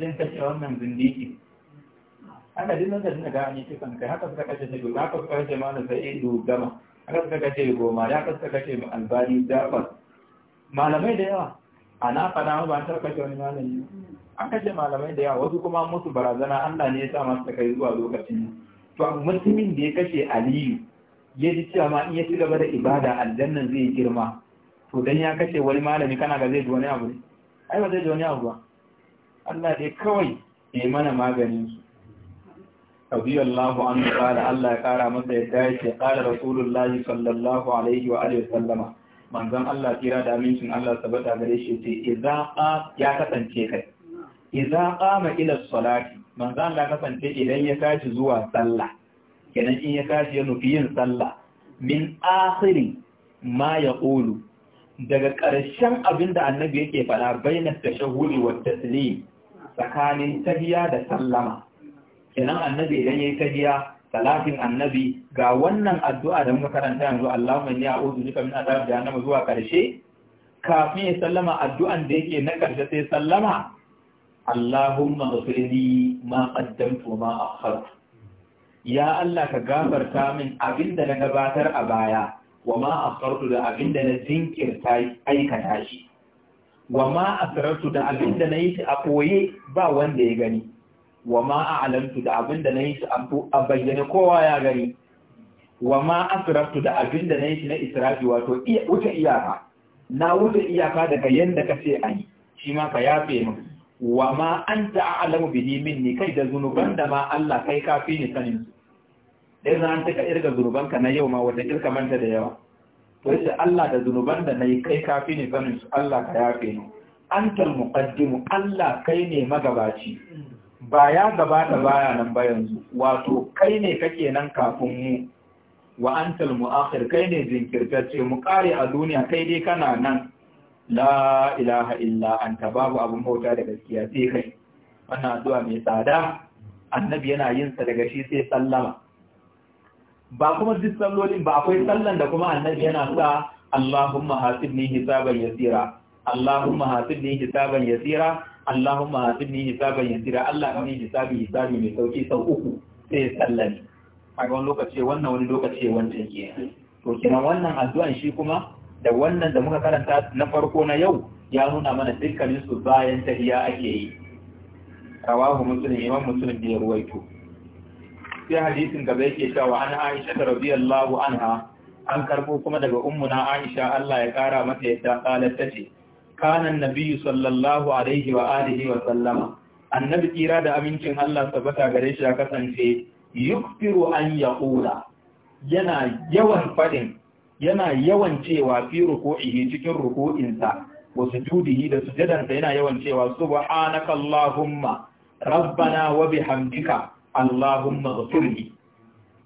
zan kashe wannan zindiki haka duk nan da suna gani cikin kai haka suka kashe shi haka suka kashe sai sa'idu gama haka suka kashe goma da haka suka kashe albani jafar malamai da yawa a na faɗa ba ta kashe wani malami an kashe malamai da yawa wasu kuma musu barazana Allah ne ya sa masu kai zuwa lokacin to abu musulmin da ya kashe aliyu ya ji cewa ma iya ci gaba da ibada aljannan zai girma to dan ya kashe wani malami kana ga zai ji wani abu ne ai ba zai ji wani abu ba Allah dai kawai ya mana maganin su Abi Allahu an qala Allah ya kara masa yadda ya ce qala Rasulullahi sallallahu alaihi wa alihi sallama manzon Allah kira da amincin Allah sabata gare shi ce idza ya kasance kai idza qama ila salati manzo Allah kasance idan ya tashi zuwa sallah kenan in ya tashi ya nufi yin sallah min akhiri ma yaqulu daga ƙarshen abinda annabi yake faɗa bainat tashahudi wa taslim tsakanin tahiya da sallama kenan annabi idan yayi tahiya salatin annabi ga wannan addu'a da muka karanta yanzu Allahumma inni a'udhu bika min adhab jahannam zuwa karshe kafin ya sallama addu'an da yake na ƙarshe sai sallama Allahumma ghafirli ma qaddamtu wa ma akhartu ya Allah ka gafarta min abinda na gabatar a baya wa ma akhartu da abinda na zinkirta aikata shi wa ma asrartu da abinda na yi shi a koye ba wanda ya gani wa ma a'lamtu da abinda na yi shi a bayyane kowa ya gani wa ma asrartu da abinda na yi shi na israfi wato wuce iyaka na wuce iyaka daga yadda ka kace a yi shi ma ka yafe min wa ma anta a'lamu bihi minni kai da zunuban da ma Allah kai kafi ne sanin su ɗai zan ta ka irga zunubanka na yau ma wata irka manta da yawa to sai Allah da zunuban da na yi kai kafi ne sanin su Allah ka yafe ni antal muqaddimu Allah kai ne magabaci ba ya gabata baya nan ba yanzu wato kai ne kake nan kafin mu wa antal akhir kai ne jinkirtacce mu kare a duniya kai dai kana nan la ilaha illa anta babu abin bauta da gaskiya sai kai wannan addu'a mai tsada annabi yana yin sa daga shi sai sallama ba kuma duk sallolin ba akwai sallan da kuma annabi yana sa Allahumma hasibni hisaban yasira Allahumma hasibni hisaban yasira Allahumma hasibni hisaban yasira Allah ka ni hisabi hisabi mai sauki sau uku sai sallani a wani lokaci wannan wani lokaci wancan ke to kina wannan addu'an shi kuma da wannan da muka karanta na farko na yau ya nuna mana dukkanin su bayan tahiya ake yi rawahu muslim imam muslim da ruwaito sai hadisin gaba yake cewa an Aisha ta radiyallahu anha an karbo kuma daga ummuna Aisha Allah ya kara mata yadda qalat ce. kana annabi sallallahu alaihi wa alihi wa sallama annabi kira da amincin Allah tabbata gare shi ya kasance yukfiru an yaqula yana yawan fadin yana yawan cewa fi ruku'ihi cikin ruku'insa wa sujudihi da sujadarsa yana yawan cewa subhanaka allahumma rabbana wa bihamdika allahumma ighfirli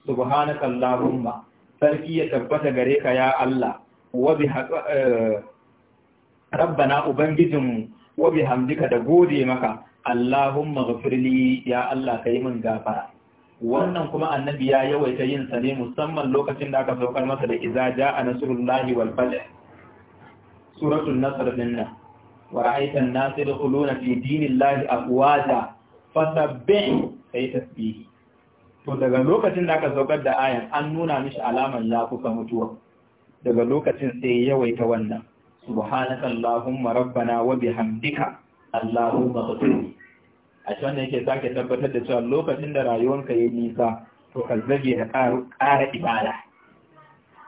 subhanaka allahumma sarki ya tabbata gare ka ya Allah wa bi eh, rabbana ubangijin wa bihamdika da gode maka allahumma ighfirli ya Allah kai min gafara wannan kuma annabi ya yawaita yin sa ne musamman lokacin da aka saukar masa da iza a nasrullahi wal fath suratul nasr din wa ra'aita an-nasa yadkhuluna fi dinillahi afwaja fasabbih sai tasbih to daga lokacin da aka saukar da ayan an nuna mishi alaman ya mutuwa daga lokacin sai yawaita wannan subhanakallahumma rabbana wa bihamdika allahumma ghfirli a shi wannan yake sake tabbatar da cewa lokacin da rayuwanka ya nisa to ka zage da ƙara ibada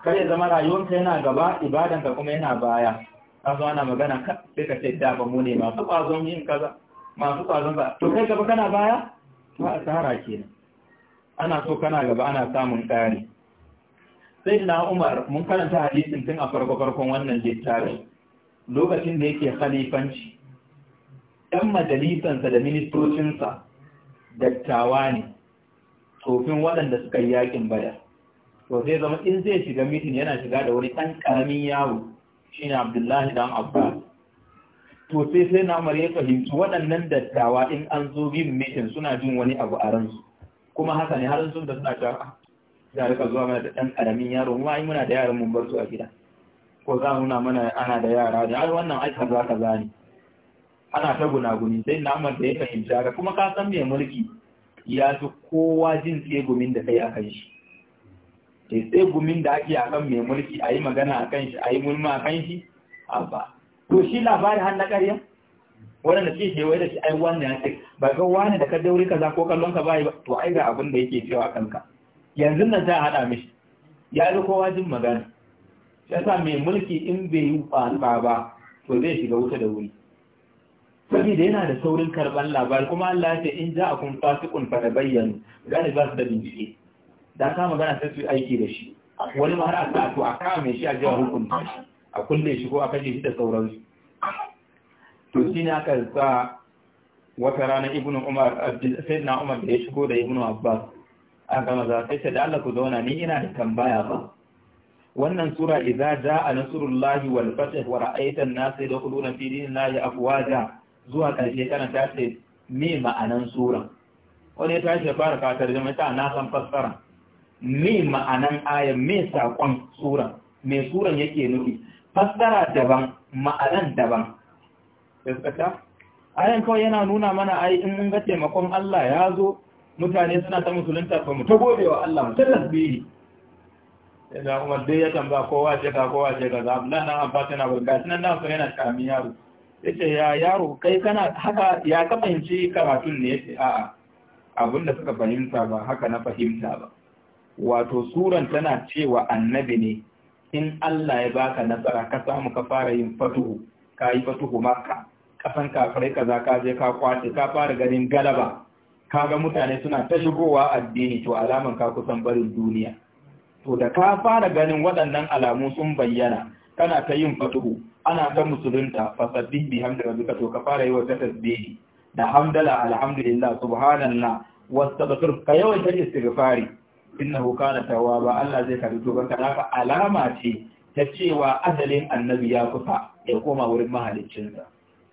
kar ya zama rayuwanka yana gaba ibadan ka kuma yana baya ka zo ana magana sai ka ce da ba mu ne masu ƙwazon yin kaza masu ƙwazon ba to kai gaba kana baya ba a tsara kenan ana so kana gaba ana samun ƙari sai na umar mun karanta hadisin tun a farko farkon wannan littafi lokacin da yake khalifanci ɗan majalisansa da ministocinsa dattawa ne tsofin waɗanda suka yi yakin bada. to sai zama in zai shiga mitin yana shiga da wani ɗan ƙaramin yawo ne abdullahi dan abbas to sai sai na ya fahimci waɗannan dattawa in an zo bin mitin suna jin wani abu a ransu kuma haka ne har sun da suna cewa ah, za rika zuwa mana da ɗan ƙaramin yaro kuma ai muna da yaran mu bar a gida ko za nuna mana ana da yara da ai wannan ai kaza kaza ne ana ta gunaguni sai na umar ya fahimci haka kuma ka san mai mulki ya fi kowa jin tsegumin da kai akan shi sai tsegumin da ake akan mai mulki a yi magana akan shi a yi mulma akan shi abba to shi labarin har na ƙarya waɗanda suke kewaye da shi ai wani ya ce ba ga wani da ka dauri ka za ko kallon ka bai to ai ga abin da yake cewa kanka yanzu nan ta hada haɗa mishi ya yi kowa jin magana Ya sa mai mulki in bai yi ba to zai shiga wuta da wuri da yana da saurin karban labari kuma Allah ya ce in ja kun fasikun fa da bayyana gane ba su da bincike da ka magana sai su aiki da shi wani ma har a sa to a kama shi a jiya hukunta shi a kulle shi ko a kashe shi da sauransu to shi ne aka sa wata rana ibn umar sai na umar da ya shigo da ibn abbas aka maza sai ta da Allah ku zauna ni ina da tambaya ba wannan sura idza jaa nasrullahi wal fath wa ra'aita an-nasa yadkhuluna fi dinillahi afwaja zuwa ƙarshe ta ce me ma'anan suran wani ya tashi ya fara fatar jama'a ta na san fassara me ma'anan aya me saƙon suran me suran yake nufi fassara daban ma'anan daban gaskata ayan kawai yana nuna mana ai in mun ga taimakon Allah ya zo mutane suna ta musulunta fa mu ta gode wa Allah mu ta tasbihi Da Umar dai ya tambaya kowa ce ka kowa ce ka za nan na amfata na burga sunan nan yana kamiyaru ya ce ya yaro kai kana haka ya ka karatun ne ya ce a abin da suka fahimta ba haka na fahimta ba wato suran tana cewa annabi ne in Allah ya baka nasara ka samu ka fara yin fatuhu ka yi fatuhu maka. kasan kafirai kaza ka je ka kwace ka fara ganin galaba ka ga mutane suna ta shigowa addini to alaman ka kusan barin duniya to da ka fara ganin waɗannan alamu sun bayyana kana ta yin fatuhu ana ta musulunta fasaddi bi hamdi rabbika to ka fara yi wa tasbihi da hamdala alhamdulillah subhanallah wastaghfir ka ta istighfari innahu kana tawwaba Allah zai karbi to ka haka alama ce ta cewa azalin annabi ya kusa ya koma wurin mahaliccinsa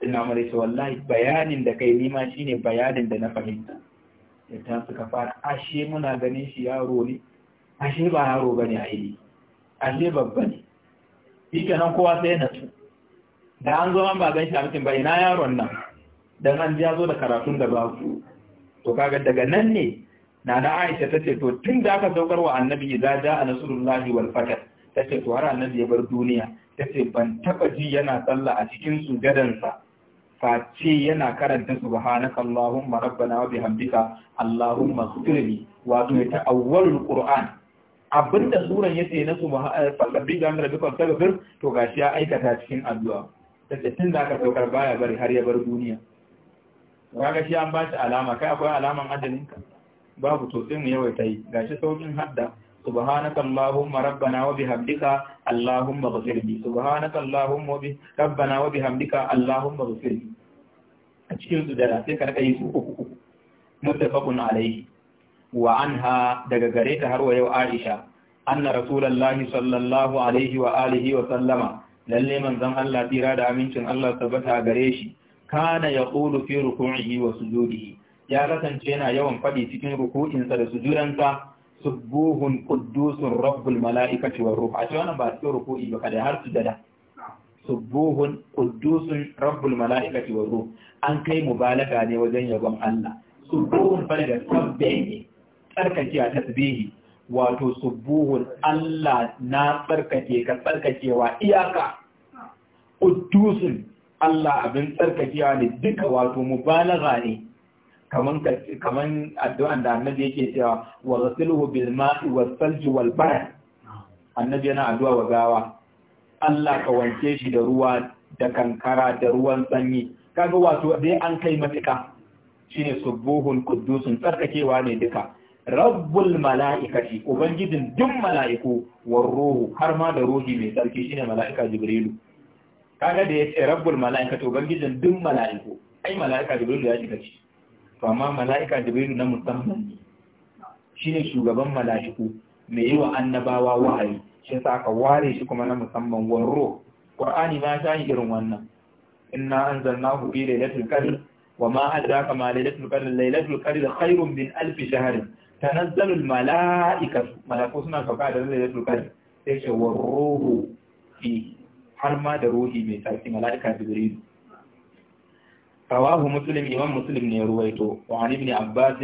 ina mare shi wallahi bayanin da kai nima shine bayanin da na fahimta ya ta suka fara ashe muna ganin shi yaro ne ashe ba yaro bane a ashe babba ne shi kenan kowa sai na su da an zo an ba zai shi abincin ba ina yaron nan dan an ya zo da karatun da su to kaga daga nan ne na da Aisha ta ce to tun da aka saukar wa annabi ya a jaa lahi wal ta ce to har annabi ya bar duniya ta ce ban taba ji yana sallah a cikin sugadan face yana karanta subhanaka allahumma rabbana wa bihamdika allahumma ighfirli wato ta awwalul qur'an abinda suran yake na su eh, fallabi ga mara dukkan sababin to gashi ya aikata cikin addu'a da tun da aka saukar baya bari har ya bar duniya kaga shi an ba shi alama kai akwai alaman ajalinka babu to sai mu ta yi gashi saukin hadda سبحانك اللهم ربنا وبحمدك اللهم اغفر لي سبحانك اللهم ربنا وبحمدك اللهم اغفر لي a cikin su sai ka rika yi su uku uku mutafaqun alayhi wa anha daga gare ta har wa yau Aisha anna rasulullahi sallallahu alaihi wa alihi wa sallama lalle manzon Allah tira da amincin Allah tabbata gare shi kana yaqulu fi ruku'ihi wa sujudihi ya kasance yana yawan fadi cikin ruku'insa da sujudansa subuhun quddusun rabbul mala'ikati war ruh a ce wannan ba cikin ruku'i ba kada har sujada subuhun quddusun rabbul mala'ikati war ruh an kai mubalaga ne wajen yabon Allah subuhun fa daga sabbe ne tsarkake a tasbihi wato subuhun Allah na tsarkake ka tsarkakewa iyaka uddusun Allah abin tsarkakewa ne duka wato mubalagha ne kaman addu'an da annabi yake cewa wa ghasiluhu bil ma'i was salji wal annabi yana addu'a wa gawa Allah ka wanke shi da ruwa da kankara da ruwan sanyi kaga wato dai an kai matuƙa shine subuhun quddusun tsarkakewa ne duka rabbul mala'ikati ubangijin duk mala'iku war ruhu har ma da ruhi mai tsarki shine mala'ika jibrilu kaga da yace rabbul mala'ikati ubangijin duk mala'iku ai mala'ika jibrilu ya shiga ci to amma mala'ika jibrilu na musamman ne shine shugaban mala'iku mai yi wa annabawa wahayi shi sa aka ware shi kuma na musamman war ruh qur'ani ma ta yi irin wannan inna anzalnahu fi lailatul qadr wa ma adraka ma lailatul qadr lailatul qadr khairun min alf shahrin tanazzalul mala'ika malaku suna sauka da zai zai kadar sai ce wa ruhu fi har ma da ruhi mai tsarki mala'ika jibril rawahu muslim imam muslim ne ruwaito wa an ibn abbas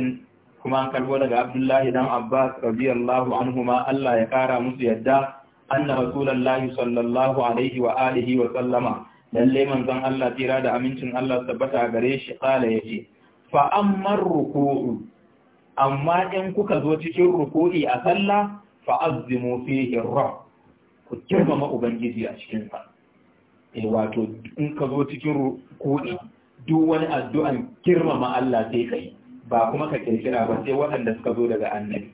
kuma an kalbo daga abdullahi dan abbas radiyallahu anhuma Allah ya kara musu yadda anna rasulullahi sallallahu alaihi wa alihi wa sallama lalle manzon Allah tira da amincin Allah tabbata gare shi kala ya fa ruku'u amma in kuka zo cikin ruku'i a sallah fa azzimu fihi rabb ku girmama ubangiji a cikin sa eh, wato in ka zo cikin ruku'i duk wani addu'an girmama Allah sai kai ba kuma ka kirkira ba sai waɗanda suka zo daga annabi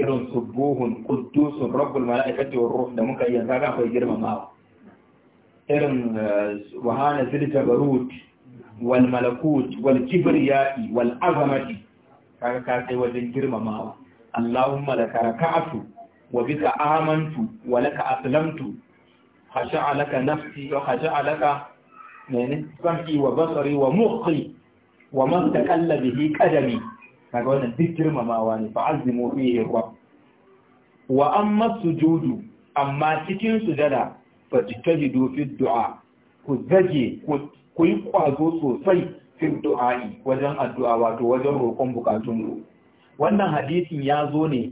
irin subuhun Kuddusun, rabbul mala'ikati da muka yi kaga akwai girmamawa irin eh, wahana zil wal malakut wal kibriyai wal azamati kaga ka sai wajen girmamawa Allahumma laka raka'atu wa bika amantu wa laka aslamtu khasha'a laka nafsi wa khasha'a laka mene sam'i wa basari wa mukhi wa man taqalla bihi qadami kaga wannan duk girmamawa ne fa azimu fihi rabb wa amma sujudu amma cikin sujada fa tajtahidu fi du'a ku zage ku yi kwazo sosai fil du'a'i wajen addu'a wato wajen roƙon bukatun ku wannan hadisin ya zo ne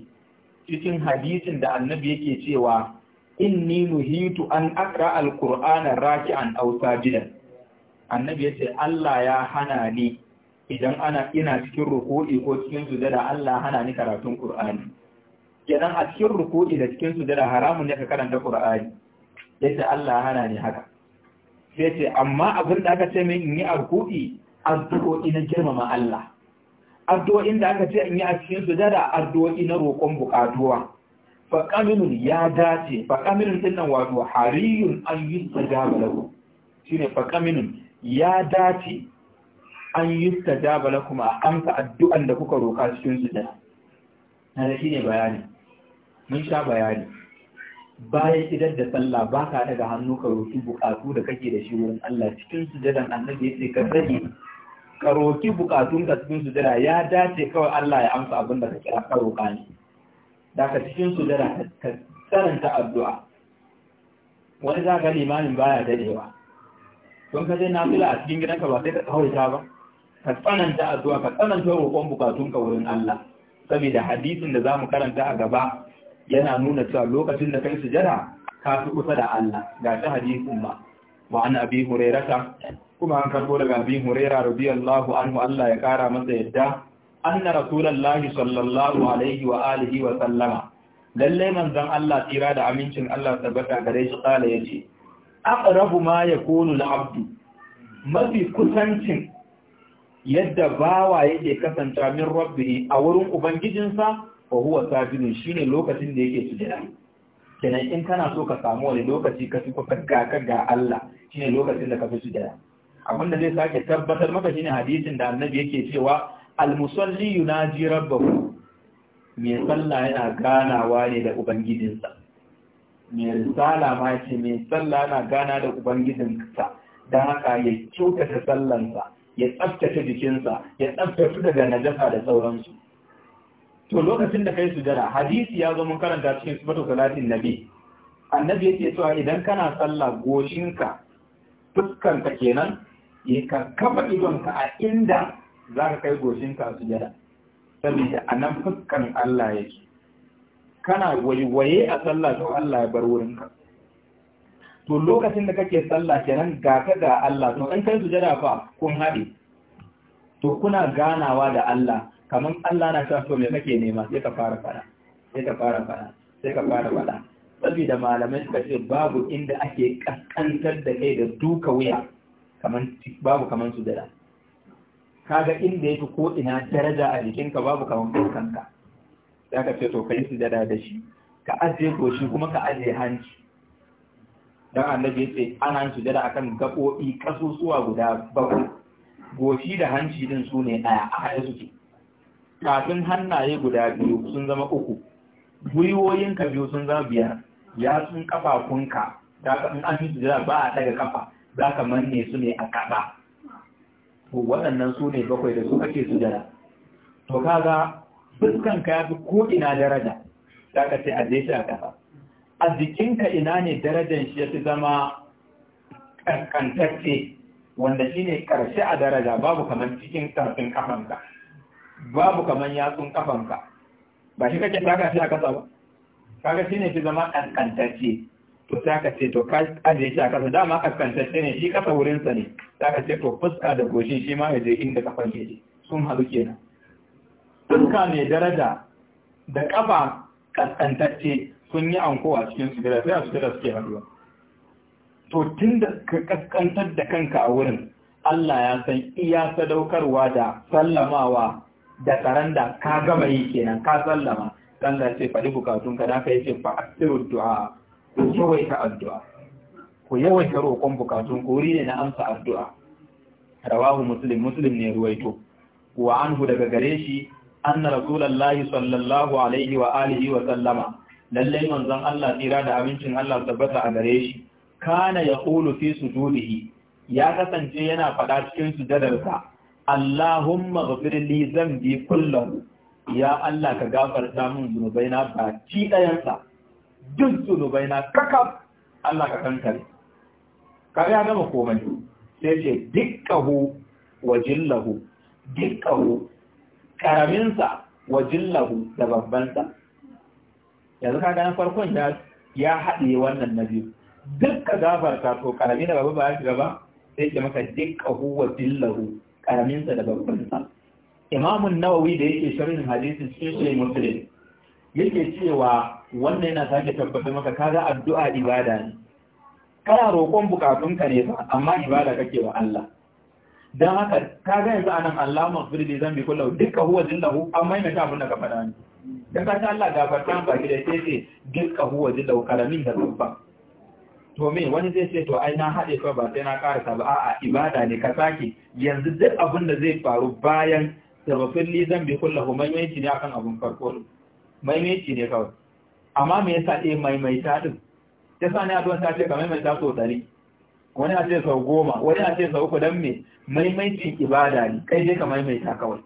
cikin hadisin da annabi yake cewa inni nuhitu an aqra alqur'ana raki'an aw sajidan annabi yace Allah ya hana ni idan ana ina cikin ruku'i ko cikin sujada Allah hana ni karatun Qur'ani kenan a cikin ruku'i da cikin sujada haramun ne ka karanta Qur'ani yace Allah hana ni haka sai amma abin da aka ce min in yi a addu'o'i na girmama Allah addu'o'in da aka ce in yi a cikin sujada addu'o'i na roƙon buƙatuwa faƙaminun ya dace faƙaminun ɗin wato hariyun an yi sujaba lagu shi ne faƙaminun ya dace an yi sujaba lagu ma amsa addu'an da kuka roƙa cikin sujada na da shi ne bayani mun sha bayani bayan idar da sallah ba ka daga hannu ka roƙi buƙatu da kake da shi wurin Allah cikin sujadan annabi ya ce ka rage ka roki bukatun ka cikin sujada ya dace kawai Allah ya amsa abin da ka kira ka roka ne da ka cikin sujada ka tsananta addu'a wani za ka limamin baya dadewa don ka je na fila a cikin gidanka ba sai ka tsawaita ba ka tsananta addu'a ka tsananta roƙon bukatunka wurin Allah saboda hadisin da zamu karanta a gaba yana nuna cewa lokacin da kai sujada ka fi kusa da Allah ga ta hadisin ma wa an abi hurairata kuma an karbo daga abi huraira radiyallahu anhu Allah ya kara masa yadda anna rasulullahi sallallahu alaihi wa alihi wa sallama lalle manzon Allah tira da amincin Allah tabbata gare shi kala yace aqrabu ma yakunu al-abdu mafi kusancin yadda bawa yake kasanta min rabbihi a wurin ubangijinsa wa huwa sajidun shine lokacin da yake sujada kenan in kana so ka samu wani lokaci ka tuka ga Allah shine lokacin da ka fi sujada abin da zai sake tabbatar maka shine hadisin da annabi yake cewa almusalli yunaji rabbahu mai sallah yana ganawa ne da ubangijinsa mai risala ma ce mai sallah yana gana da ubangijinsa da haka ya kyautata sallansa ya tsaftace jikinsa ya tsaftace daga najasa da sauransu to lokacin da kai sujada hadisi ya zo mun karanta cikin sifatu salatin nabi annabi yake cewa idan kana sallah goshinka fuskanka kenan ya ka idonka a inda za ka kai goshinka su jada saboda a nan fuskan Allah yake kana waiwaye a sallah to Allah ya bar wurinka to lokacin da kake sallah kenan ga ka ga Allah to an kai sujada fa kun haɗe to kuna ganawa da Allah kamar Allah na sa so me kake nema sai ka fara fara sai ka fara fara sai ka fara fara saboda malamai suka ce babu inda ake kaskantar da kai da duka wuya babu kaman su dara kaga inda yake ko ina daraja a jikinka babu kaman kanka za ka ce to ka yi sujada da shi ka ajiye goshi kuma ka ajiye hanci don annabi ya ce ana hanci sujada akan gaɓoɓi ƙasusuwa guda bakwai goshi da hanci din su ne ɗaya a haɗe suke kafin hannaye guda biyu sun zama uku gwiwoyinka biyu sun zama biyar ya sun kafafunka da in an yi sujada ba a daga kafa za ka manne su ne a kafa to waɗannan su ne bakwai da su ake sujada to kaga fuskan ka yafi ko ina daraja za ka ce a je shi a kafa a jikinka ina ne darajar shi ya fi zama kankantacce wanda shi ne ƙarshe a daraja babu kamar cikin ƙarfin kafanka babu kamar yatsun kafanka ba shi kake taka shi a kasa ba kaga shi ne shi zama kaskantacce to sai aka ce to ka ajiye shi a kasa dama kaskantacce ne shi kasa wurinsa ne sai ka ce to fuska da goshin shi ma yaje inda kafan ke je sun haɗu kenan fuska mai daraja da kafa kaskantacce sun yi ankowa cikin su gida sai a su suke haɗuwa to tun da ka kaskantar da kanka a wurin Allah ya san iya sadaukarwa da sallamawa da tsaron da ka gama yi kenan ka sallama Allah ce faɗi bukatun ka naka yake fa asiru du'a ku yawaita addu'a ku yawaita roƙon bukatun ku wuri ne na amsa addu'a rawahu muslim muslim ne ruwaito wa anhu daga gare shi anna rasulullahi sallallahu alaihi wa alihi wa sallama lalle manzon Allah tsira da abincin Allah tabbata a gare shi kana yaqulu fi sujudihi ya kasance yana faɗa cikin sujadarsa Allahumma ghfir li dhanbi kullahu ya Allah ka gafarta min zunubaina ba ci ɗayansa duk zunubaina kakaf Allah ka kankare ka ya gama komai sai ce dukkahu wa jillahu dukkahu karaminsa wa jillahu da babbansa yanzu ka ganin farkon ya ya haɗe wannan na biyu duk ka gafarta to karami da babu ba ya shiga ba sai ce maka dukkahu wa jillahu karaminsa da babbansa imamun nawawi da yake sharhin hadisi cikin shi muslim yake cewa wannan yana sake tabbatar maka kaga addu'a ibada ne kana roƙon bukatunka ne ba, amma ibada kake wa Allah dan haka kaga yanzu anan Allah maghfir li dhanbi kullahu dukka huwa dillahu amma ina ta abunda ka fada ni dan ka Allah gafarta ba ki da sai dukka huwa dillahu kalamin da babba to me wani zai ce to ai na haɗe kawai ba sai na ƙara ba a'a ibada ne ka sake yanzu duk abunda da zai faru bayan tabbafin li zan bi kullahu maimaiti ne akan abun farko maimaiti ne kawai amma me yasa eh maimaita din yasa ne addu'a ta ce ka maimaita so ɗari wani a ce sau goma wani a ce sau uku dan me maimaitin ibada ne kai dai ka maimaita kawai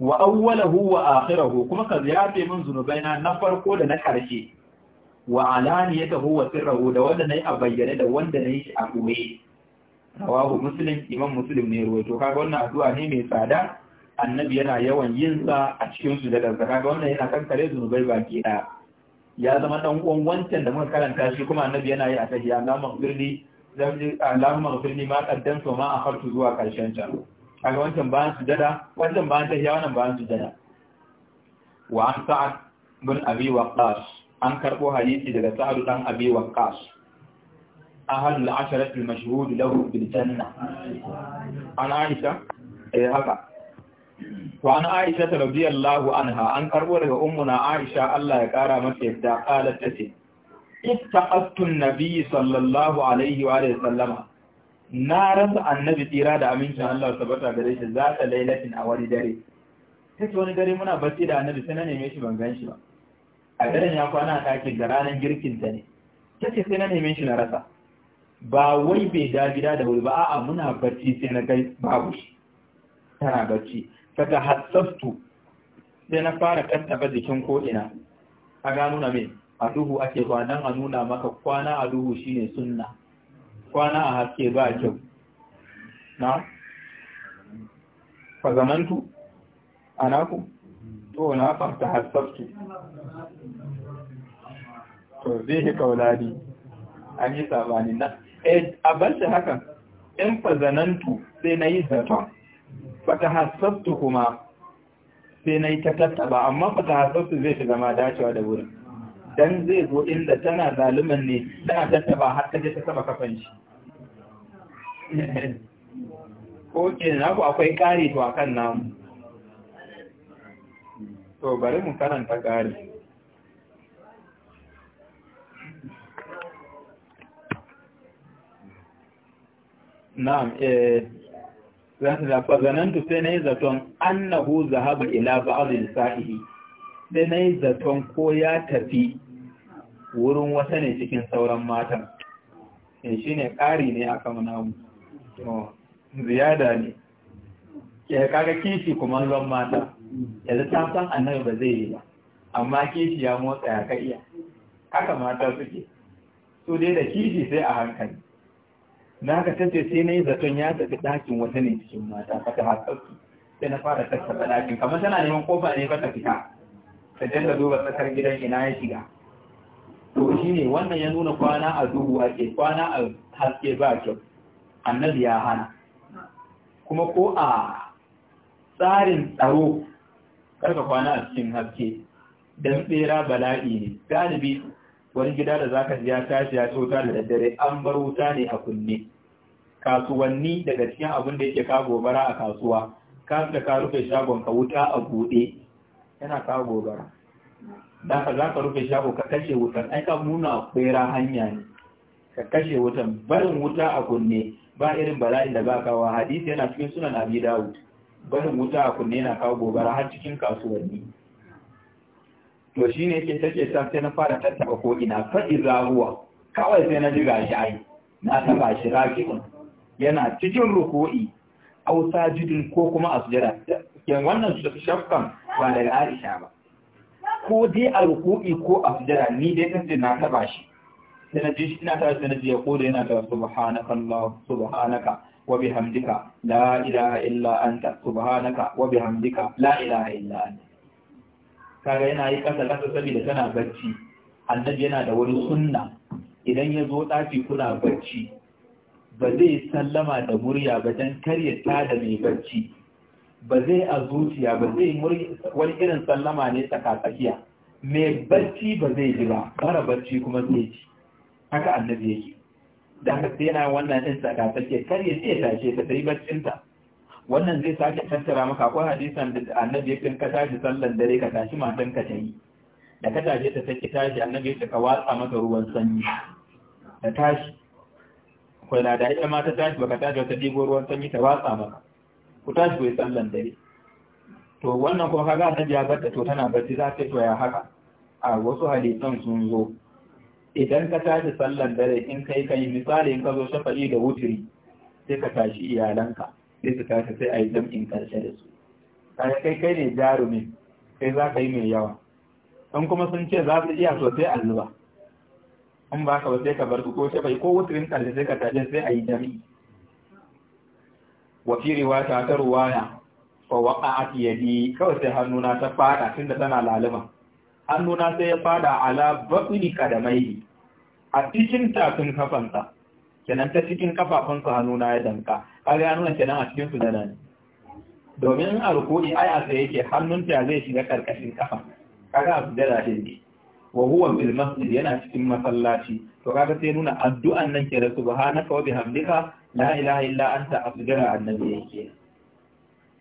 wa awwalahu wa akhirahu kuma ka ziyarce min zunubaina na farko da na karshe wa alaniyatahu wa sirruhu da wanda nayi a bayyane da wanda nayi shi a koye rawahu muslim imam muslim ne ruwaito kaga wannan addu'a ne mai tsada annabi yana yawan yin sa a cikin su da kaga wannan yana kankare zunubai baki ɗaya ya zama dan uwan wancan da muka karanta shi kuma annabi yana yi a tahiya Allahumma ghfirli Allahumma ghfirli ma qaddamtu wa ma akhartu zuwa karshen ta kaga wancan ba su dada wancan ta yawan ba su dada. wa an sa'ad bin abi waqas an karbo hadisi daga sa'ad dan abi waqas ahal al-asharatu al-mashhud lahu bil janna Ana aisha eh haka to aisha ta radiyallahu anha an karbo daga na aisha Allah ya kara mata yadda qalat tace ittaqattu an-nabiy sallallahu alaihi wa sallama na rasa annabi tsira da amincin Allah tabbata gare za ta lailatin a wani dare take wani dare muna bacci da annabi sai na neme shi ban gan ba a daren ya kwana ɗakin da ranar girkin ta ne take sai na neme shi na rasa ba wai bai da gida da wuri ba a'a muna bacci sai na gai babu shi tana bacci fata hatsaftu sai na fara kattaba jikin ko'ina a gano na mai a duhu ake kwanan a nuna maka kwana a duhu ne sunna kwana a haske ba kyau na fazamantu a naku to na fata hatsaftu to zai yi kauladi an yi sabanin nan eh, a bar shi hakan in fazanantu sai na yi zaton fata hasabtu kuma sai na yi ta tattaba amma fata hasabtu zai fi zama dacewa da wuri, don zai zo inda tana zaluman ne a tattaba har ta je ta saba kafan shi ko ke na ku akwai kari to akan namu to bari mu karanta kari na'am eh za ta zafa zanantu sai na yi zaton annahu zahaba ila ba'adil sa'ihi sai na yi zaton ko ya tafi wurin wata ne cikin sauran matan in eh, shi ne ƙari ne a kan namu ziyada ne ya kaga kishi kuma zan mata yanzu ta san annabi ba zai yi ba amma kishi ya motsa ya ka iya haka mata suke su dai da kishi sai a hankali na ka tace sai na yi zaton ya tafi ɗakin wata ne cikin mata fata hatsarki sai na fara tattaba ɗakin kamar tana neman kofa ne ta fita ta dinga duba tsakar gidan ina ya shiga to shi ne wannan ya nuna kwana a duhu ke, kwana a haske ba kyau annabi ya hana kuma ko a tsarin tsaro karka kwana a cikin haske Dan tsera bala'i ne galibi wani gida da zaka ji ya tashi ya wuta da daddare an bar wuta ne a kunne kasuwanni daga cikin abin da yake kawo gobara a kasuwa ka da ka rufe shagon ka wuta a buɗe yana kawo gobara da ka za rufe shago ka kashe wutan ai ka nuna kwera hanya ne ka kashe wutan barin wuta a kunne ba irin bala'i da ba kawo hadisi yana cikin sunan abi dawud barin wuta a kunne yana kawo gobara har cikin kasuwanni to shi ne ke take ta sai na fara tattaba ko ina faɗi zahuwa kawai sai na ji gashi ai na taba shi raki'un yana cikin ruku'i aw sajidin ko kuma a sujada yan wannan shafkan ba daga Aisha ba ko dai a ruku'i ko a sujada ni dai kan na taba shi sai na ji shi na taba sai na ji ya koda yana ta subhanaka Allah subhanaka wa bihamdika la ilaha illa anta subhanaka wa bihamdika la ilaha illa anta kaga yana yi kasa kasa saboda tana bacci annabi yana da wani sunna idan ya zo ɗaki kuna bacci ba zai sallama da murya ba don karya tada mai bacci ba zai a zuciya ba zai wani irin sallama ne tsakatsakiya mai bacci ba zai ji ba mara bacci kuma zai ji haka annabi yake da haka sai yana wannan din tsakatsakiya karya sai ta ce ta yi baccinta wannan zai sake tattara maka akwai hadisan da annabi ya kin ka tashi sallan dare ka tashi matan ka tayi da ka tashi ta take tashi annabi ya ka watsa maka ruwan sanyi Ka tashi akwai da ita ma ta tashi baka tashi ta digo ruwan sanyi ta watsa maka ku tashi ku yi sallan dare to wannan kuma kaga annabi ya barta to tana barci za ta to ya haka a wasu hadisan sun zo idan ka tashi sallan dare in kai kai misali in ka zo shafa'i da wuturi sai ka tashi iyalanka sai su kasa sai a yi jam'in ƙarshe da su kaga kai kai ne jarumi kai za ka yi mai yawa Dan kuma sun ce za su iya sosai a zuba baka ba ka ba sai ka bar ko shafa ko wutirin ƙarshe sai ka tashi sai a yi jam'i wa fi riwata ta ruwaya fa di kawai sai hannuna ta fada da tana laluma hannuna sai ya fada ala batni kadamai a cikin tafin kafanta. kenan ta cikin kafafun su hannuna ya danka kaga ya nuna kenan a cikin su dana ne domin a ruku'i ai a tsaye yake hannunta zai shiga karkashin kafa kaga a sujada ne. wa huwa bil masjid yana cikin masallaci to kaga sai nuna addu'an nan ke da subhanaka wa bihamdika la ilaha illa anta asjara annabi yake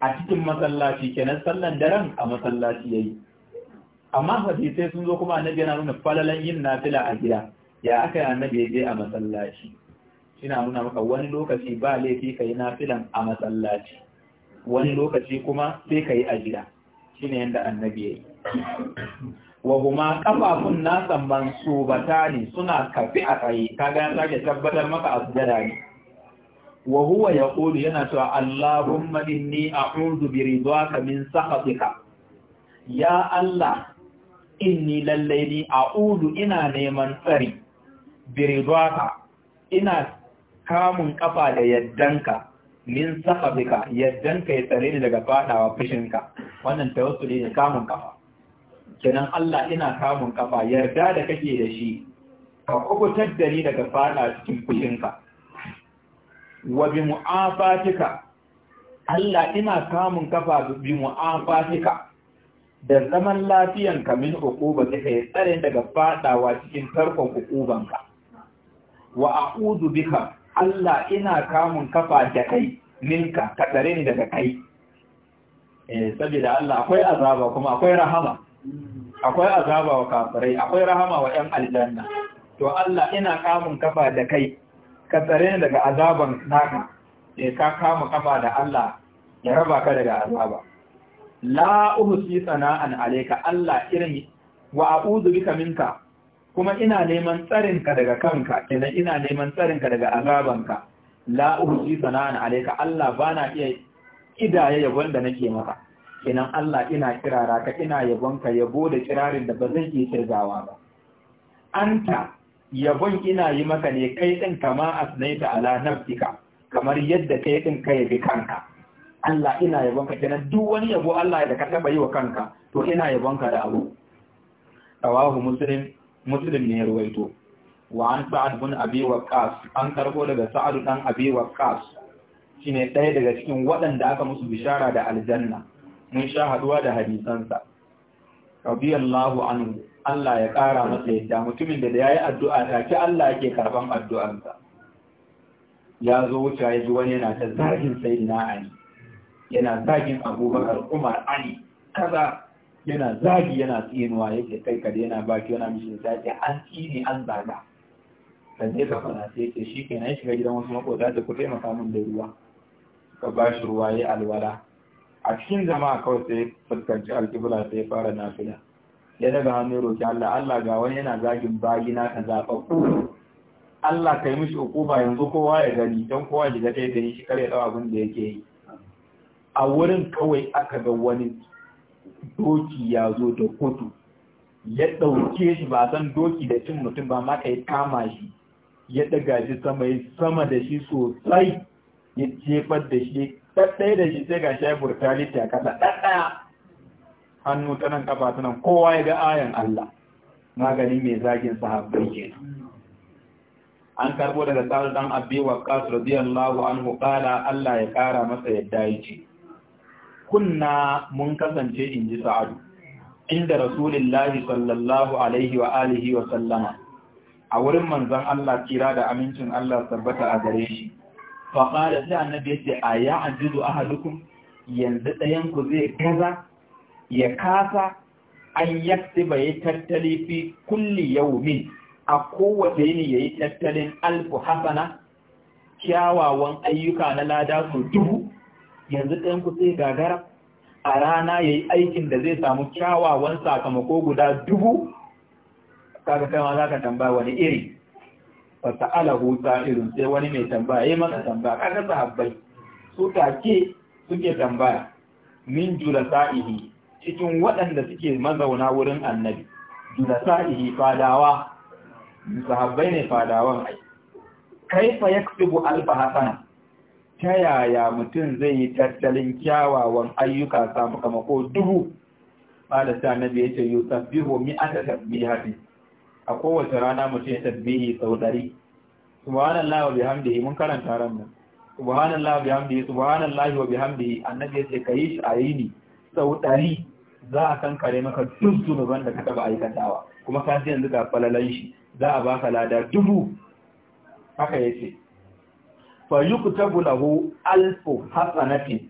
a cikin masallaci kenan sallan daren a masallaci yayi amma hadisai sun zo kuma annabi yana nuna falalan yin nafila a gida ya aka yi annabi ya je a masallaci ina nuna maka wani lokaci ba laifi ka yi nafilan a masallaci wani lokaci kuma sai ka yi a gida shi ne yadda annabi ya yi wa kuma kafafun nasa bata ne suna kafi a tsaye kaga ta sake tabbatar maka a gada ne wa huwa yaqulu yana cewa Allahumma a a'udhu bi ridwaka min sakhatika ya Allah inni lallai ni A Udu ina neman tsari bi ka, ina kamun kafa da yaddanka min sahabika yaddanka ya tsare ni daga fadawa fushinka wannan tawassuli ne kamun kafa kenan Allah ina kamun kafa yarda da kake da shi ka kubutar da ni daga fada cikin fushinka wa bi mu'afatika Allah ina kamun kafa bi mu'afatika da zaman lafiyan ka min hukuba ta kai tsare daga fadawa cikin tarkon hukubanka wa a'udhu bika Allah ina kamun kafa da kai minka ka tsare ni daga kai eh saboda Allah akwai azaba kuma akwai rahama akwai azaba wa kafirai akwai rahama wa ƴan aljanna to Allah ina kamun kafa da kai ka tsare ni daga azaban naka eh ka kama kafa da Allah ya raba ka daga azaba la uhsi sana'an alayka Allah irin wa a'udhu bika minka kuma ina neman tsarinka daga kanka ina ina neman tsarinka daga azabanka la uhsi sana'an alayka Allah bana iya idaye yabon da nake maka kenan Allah ina kirara ka ina yabon ka yabo da kirarin da ba zan iya kirgawa ba anta yabon ina yi maka ne kai din kama asnaita ala nafsika kamar yadda kai din ka yabi kanka Allah ina yabon ka kenan duk wani yabo Allah da ka taba yi wa kanka to ina yabon ka da abu rawahu muslim muslim ne ya ruwaito wa an sa'ad bin abi waqqas an karbo daga sa'ad dan abi waqqas shine ɗaya daga cikin waɗanda aka musu bishara da aljanna mun sha haduwa da hadisansa radiyallahu anhu Allah ya ƙara masa yadda mutumin da ya yi addu'a ki Allah yake karban addu'arsa ya zo wuce ya ji wani yana ta zagin sai na Ali yana zagin abubakar Umar Ali kaza yana zagi yana tsinuwa yake kai kare yana baki yana mishi zagi an tsini, an zaga kan zai kafa fara sai ce shi nan shiga gidan wasu makota da ku taimaka min da ruwa ka ba shi ruwa ya alwala a cikin jama'a kawai sai fuskanci alkibla sai fara nafila ya daga hannu roki Allah Allah ga wani yana zagin bagi na ka ku? Allah kai mishi hukuma yanzu kowa ya gani don kowa ya ga ta gani shi kare dawa abin da yake yi a wurin kawai aka ga wani doki ya zo da kotu ya ɗauke shi ba san doki da cin mutum ba ma ya kama shi ya ɗaga shi sama ya sama da shi sosai ya jefar da shi ɗaɗɗaya da shi sai ga shi ya burtaliti a kasa ɗaɗɗaya hannu ta nan ƙafa ta nan kowa ya ga ayan Allah magani mai zagin sahabbai kenan an karɓo daga tsarin ɗan abi wa biyan radiyallahu an qala Allah ya ƙara masa yadda yake kunna mun kasance in ji sa'adu inda rasulullahi sallallahu alaihi wa alihi wa sallama a wurin manzon Allah kira da amincin Allah tabbata a gare shi fa qala sai annabi yace a ya'jidu ahadukum yanzu ɗayan ku zai kaza ya kasa an ba ya tattali fi kulli yawmin a kowace yini yayi tattalin alfu hasana kyawawan ayyuka na lada su dubu yanzu ɗayan ku sai gagara a rana ya yi aikin da zai samu kyawawan sakamako guda dubu kaga kai ma za ka tambaya wani iri fata alahu irin sai wani mai tambaya ya masa tambaya kaga sahabbai su take suke tambaya min sa'ihi. cikin waɗanda suke mazauna wurin annabi Jula sa'ihi fadawa sahabbai ne fadawan ai kaifa yaktubu alfa hasana ta yaya mutum zai yi tattalin kyawawan ayyuka duhu dubu da sa nabi ya ce yi tasbihu tasbihi, hafi a kowace rana mutum ya tasbihi sau ɗari subhanallahi wa bihamdihi mun karanta ran nan subhanallahi wa bihamdihi subhanallahi wa bihamdihi annabi ya ce kayi shi a yini sau ɗari za a san kare maka duk zunuban da ka taɓa aikatawa kuma ka yanzu ga falalan shi za a baka lada dubu haka ya ce fa yuktabu lahu alfu hasanatin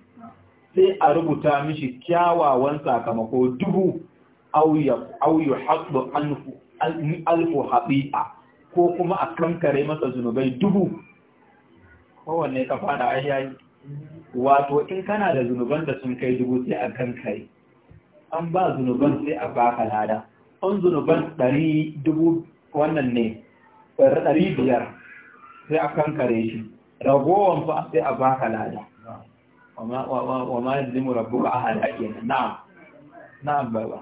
sai a rubuta mishi kyawawan sakamako dubu au yu alfu haɗi'a ko kuma a kankare masa zunubai dubu kowanne ka fara ayyayi wato in kana da zunuban da sun kai dubu sai a kankare an ba zunuban sai a baka lada an zunuban ɗari dubu wannan ne ɗari biyar sai a kankare shi ragowan fa sai a baka lada wa ma a rabbuka ahada na na'am na'am baba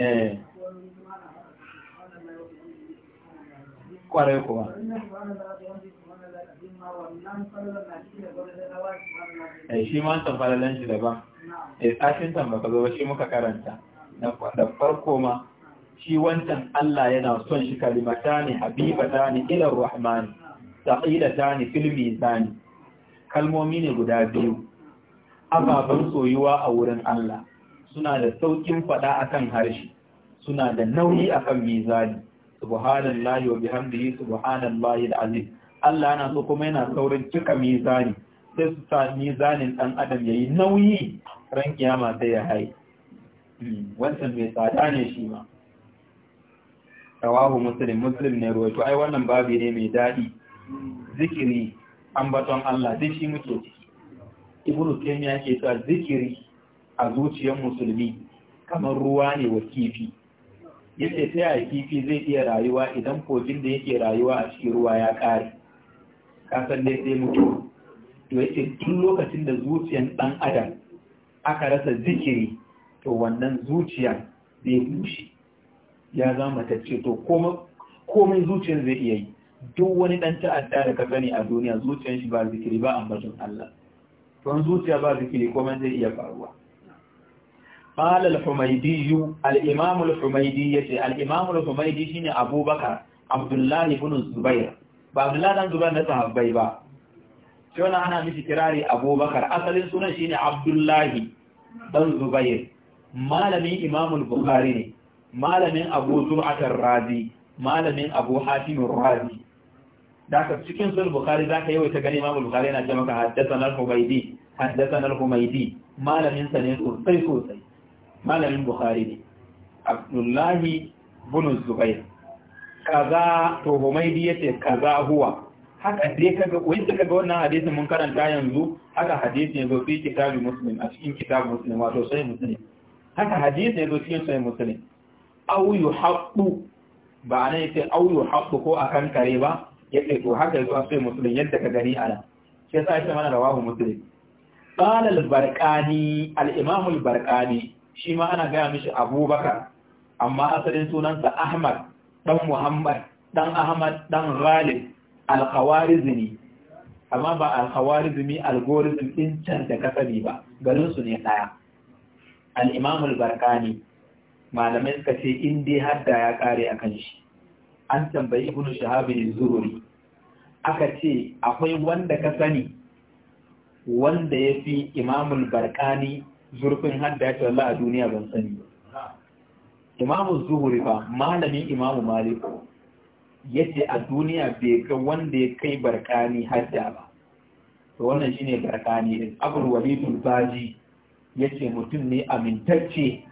eh kwarai kuwa eh shi ma san falalan shi daban eh sashin tambaka zo shi muka karanta da farko ma shi wancan Allah yana son shi kalimata ne habibata ne ilar rahmani taqilatani fil mizan kalmomi ne guda biyu Ababen soyuwa a wurin Allah suna da saukin fada akan harshe suna da nauyi akan mizani subhanallahi wa bihamdihi subhanallahi alazim Allah yana so kuma yana saurin cika mizani sai su sa mizanin dan adam yayi nauyi ran kiyama sai ya hai hmm, wancan mai tsada ne shi ma rawahu muslim muslim ne ruwaito ai wannan babu ne mai dadi zikiri ambaton Allah duk shi muke ciki ibnu taymiya ke cewa zikiri a zuciyar musulmi kamar ruwa ne wa kifi yace ta yaya kifi zai iya rayuwa idan kogin da yake rayuwa a cikin ruwa ya kare ka san dai sai mutu to yace tun lokacin da zuciyar dan adam aka rasa zikiri to wannan zuciya zai bushe ya zama ta ce to komai zuciyar zai iya yi duk wani dan ta'adda da ka gani a duniya zuciyar shi ba zikiri ba ambaton Allah Tun zuciya ba zikiri kuma zai iya faruwa قال الحميدي الإمام الحميدي الإمام الحميدي شيني أبو بكر عبد الله بن الزبير ba Abdullahi dan Zubair na sahabbai ba sai ana mishi kirari Abubakar asalin sunan shine Abdullahi dan Zubair malamin Imam al-Bukhari ne malamin Abu Zur'at ar-Razi malamin Abu Hatim ar-Razi da ka cikin sunan bukhari za ka yawaita gani imamu bukhari yana ce maka haddathana al-humaydi haddathana al-humaydi malamin sa ne sosai sosai malamin bukhari ne abdullahi bin zubair kaza to humaydi yace kaza huwa haka dai kaga wani suka ga wannan hadisin mun karanta yanzu haka hadisi ne zo fi kitabi muslim a cikin kitabu muslim wato sai muslim haka hadisi ne zo cikin sai muslim au yuhaqqu ba ne sai au yuhaqqu ko akan kare ba yace to haka yazo sai muslim yadda ka gani ana shi sai yake mana rawahu muslim qala al-barqani al-imam al-barqani shi ma ana gaya mishi abubakar amma asalin sunansa ahmad dan muhammad dan ahmad dan ghalib al-khawarizmi amma ba al-khawarizmi algorithm din can da kasabi ba garin su ne daya al-imam al-barqani malamai suka ce in dai har da ya kare akan shi an tambayi ibn shahabin zuhuri aka ce akwai wanda ka sani wanda ya fi imamul barkani zurfin hadda ya a duniya ban sani imamu zuhuri fa malamin imamu malik ya ce a duniya bai ga wanda ya kai barkani hadda ba to wannan shine barkani din abul walidul baji ya ce mutum ne amintacce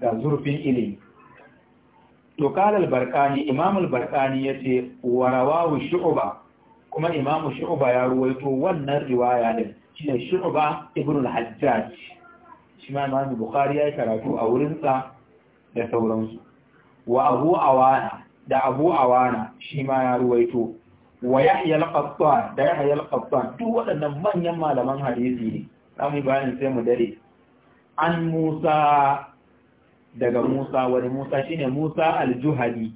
ga zurfin ilimi to kalal barkani imamul barkani ya ce rawahu shu'uba kuma imamu shu'uba ya ruwaito wannan riwaya din shi ne shu'uba ibn al-hajjaj shi ma imamu bukhari ya karatu a wurinsa da sauransu wa abu awana da abu awana shi ma ya ruwaito wa yahya al-qattan da yahya al-qattan duk waɗannan manyan malaman hadisi ne zamu yi sai mu dare an musa daga Musa wani Musa shine Musa al-Juhani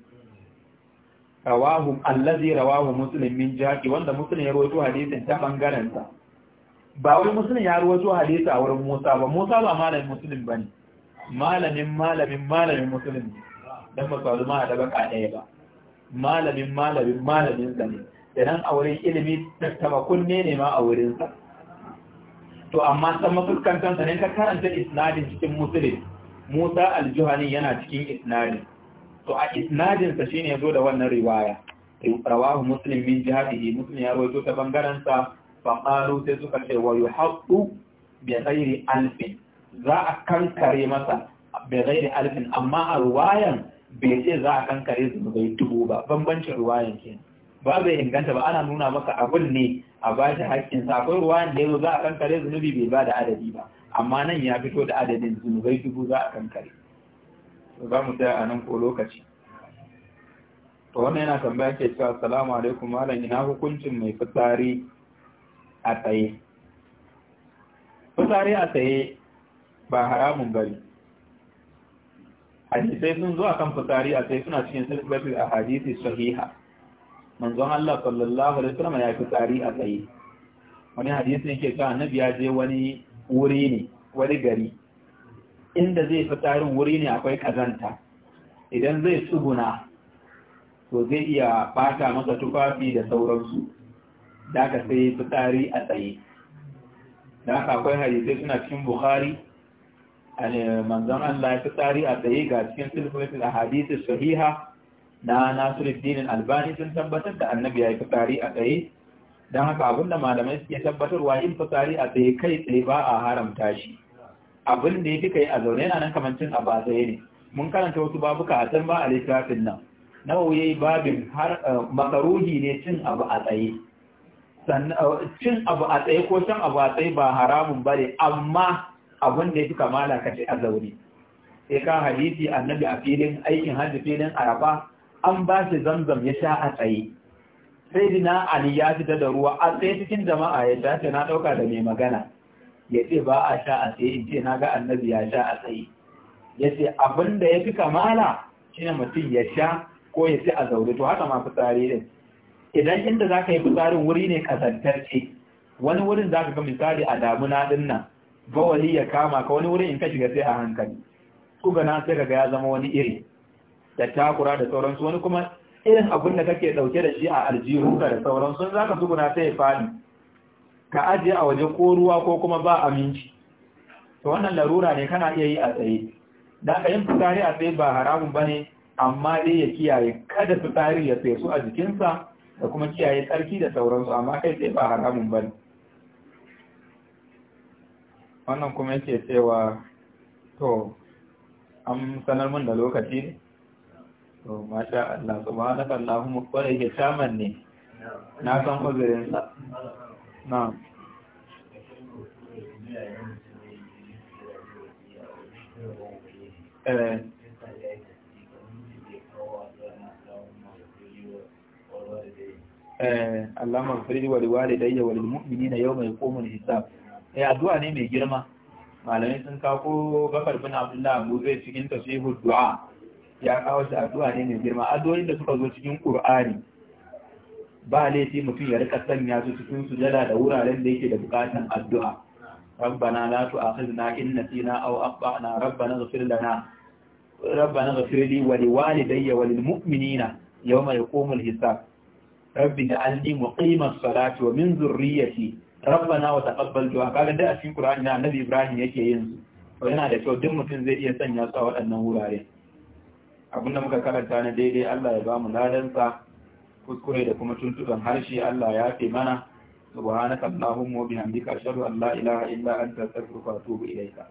rawahu allazi rawahu Muslim min jihati wanda Muslim ya rawaito hadisin ta bangaren sa ba wani Muslim ya rawaito hadisi a wurin Musa ba Musa ba malamin Muslim bane malamin malamin malamin Muslim dan ba su ma da baka ɗaya ba malamin malamin malamin sa ne dan a wurin ilimi kunne ne ma a wurin sa to amma san kansa ne ka karanta isnadin cikin Muslim Musa al-Juhani yana cikin isnadi to a isnadin sa shine yazo da wannan riwaya rawahu muslim min jihadihi muslim ya rawaito ta bangaren sa fa qalu sai suka ce wa yuhaddu bi ghairi alfin za a kankare masa bi ghairi alfin amma a riwayan bai ce za a kankare su bai dubu ba bambancin riwayan ke ba bai inganta ba ana nuna maka abun ne a bashi haƙƙinsa akwai ruwan da yazo za a kankare zunubi bai ba da adadi ba amma nan ya fito da adadin zunubai dubu za a kankare to za mu tsaya a nan ko lokaci to wannan yana tambaya ke cewa salamu alaikum malam ina hukuncin mai fitsari a tsaye fitsari a tsaye ba haramun bari hadisai sun zo kan fitsari a tsaye suna cikin silbatul a hadisi sahiha manzon Allah sallallahu alaihi wasallam ya fitsari a tsaye wani hadisi yake cewa annabi ya je wani wuri ne wani gari inda zai fi tarin wuri ne akwai kazanta idan zai tsuguna to zai iya bata masa tufafi da sauransu da aka sai fitari a tsaye da aka akwai hadisai suna cikin bukhari manzon Allah ya fitari a tsaye ga cikin a ahadith sahiha na dinin Albani sun tabbatar da annabi ya yi fitari a tsaye don haka abin da malamai suke tabbatarwa yin fitsari a tsaye kai tsaye ba a haramta shi abin da ya fi kai a zaune yana nan kamar cin ba tsaye ne mun karanta wasu babuka a can ba a littafin nan nawa yi babin har eh, makaruhi ne cin abu a tsaye eh, cin abu a tsaye ko cin abu a tsaye ba haramun ba ne amma abin da ya fi kamala ka ce a zaune sai ka hadisi annabi a filin aikin hajji filin Araba? an ba shi zamzam ya sha a tsaye sai dina ali ya fita da ruwa a tsaye cikin jama'a ya tashi na ɗauka da mai magana ya ce ba a sha a tsaye in ce na ga annabi ya sha a tsaye ya ce abin da ya fi kamala shi ne mutum ya sha ko ya ce a zaure to haka ma fitsari ne. idan inda za ka yi fitsarin wuri ne kasantacce wani wurin za ka ga misali a damuna din nan bawali ya kama ka wani wurin in ka shiga sai a hankali su gana sai ka ga ya zama wani iri da takura da sauransu wani kuma irin abin da kake dauke da shi a aljihunka da sauran sun zaka tsuguna sai fadi ka ajiye a waje ko ruwa ko kuma ba aminci to wannan larura ne kana iya yi a tsaye da ka yin fitari a tsaye ba haramun bane amma dai ya kiyaye kada fitsari ya tsaye su a jikinsa da kuma kiyaye tsarki da sauransu amma kai tsaye ba haramun bane wannan kuma yake cewa to an sanar min da lokaci ne to masha Allah subhanaka Allahumma kwarai hitaman ne na san mai sa na'am da eh. eh, wa hisab eh addu'a ne mai girma malamai sun kako bakar bin Abdullah Abu Zaid cikin tafsirul du'a ya kawo shi addu'a ne mai girma addu'o'in da suka zo cikin Qur'ani ba laifi mutum ya rika sanya su cikin sujada da wuraren da yake da bukatan addu'a rabbana la tu'akhidna in nasina aw akhtana rabbana ighfir lana rabbana ighfir li wa liwalidayya wa lilmu'minina yawma yaqumul hisab rabbi ja'alni muqima as-salati wa min dhurriyyati rabbana wa taqabbal du'a kaga da a cikin Qur'ani na Annabi Ibrahim yake yin su yana da kyau duk mutum zai iya sanya su a waɗannan wuraren. abinda muka karanta na daidai Allah ya ba mu ladansa kuskure da kuma tuntuban harshe Allah ya fi mana subhanaka allahumma wa bihamdika ashhadu an la ilaha illa anta astaghfiruka wa atubu ilayka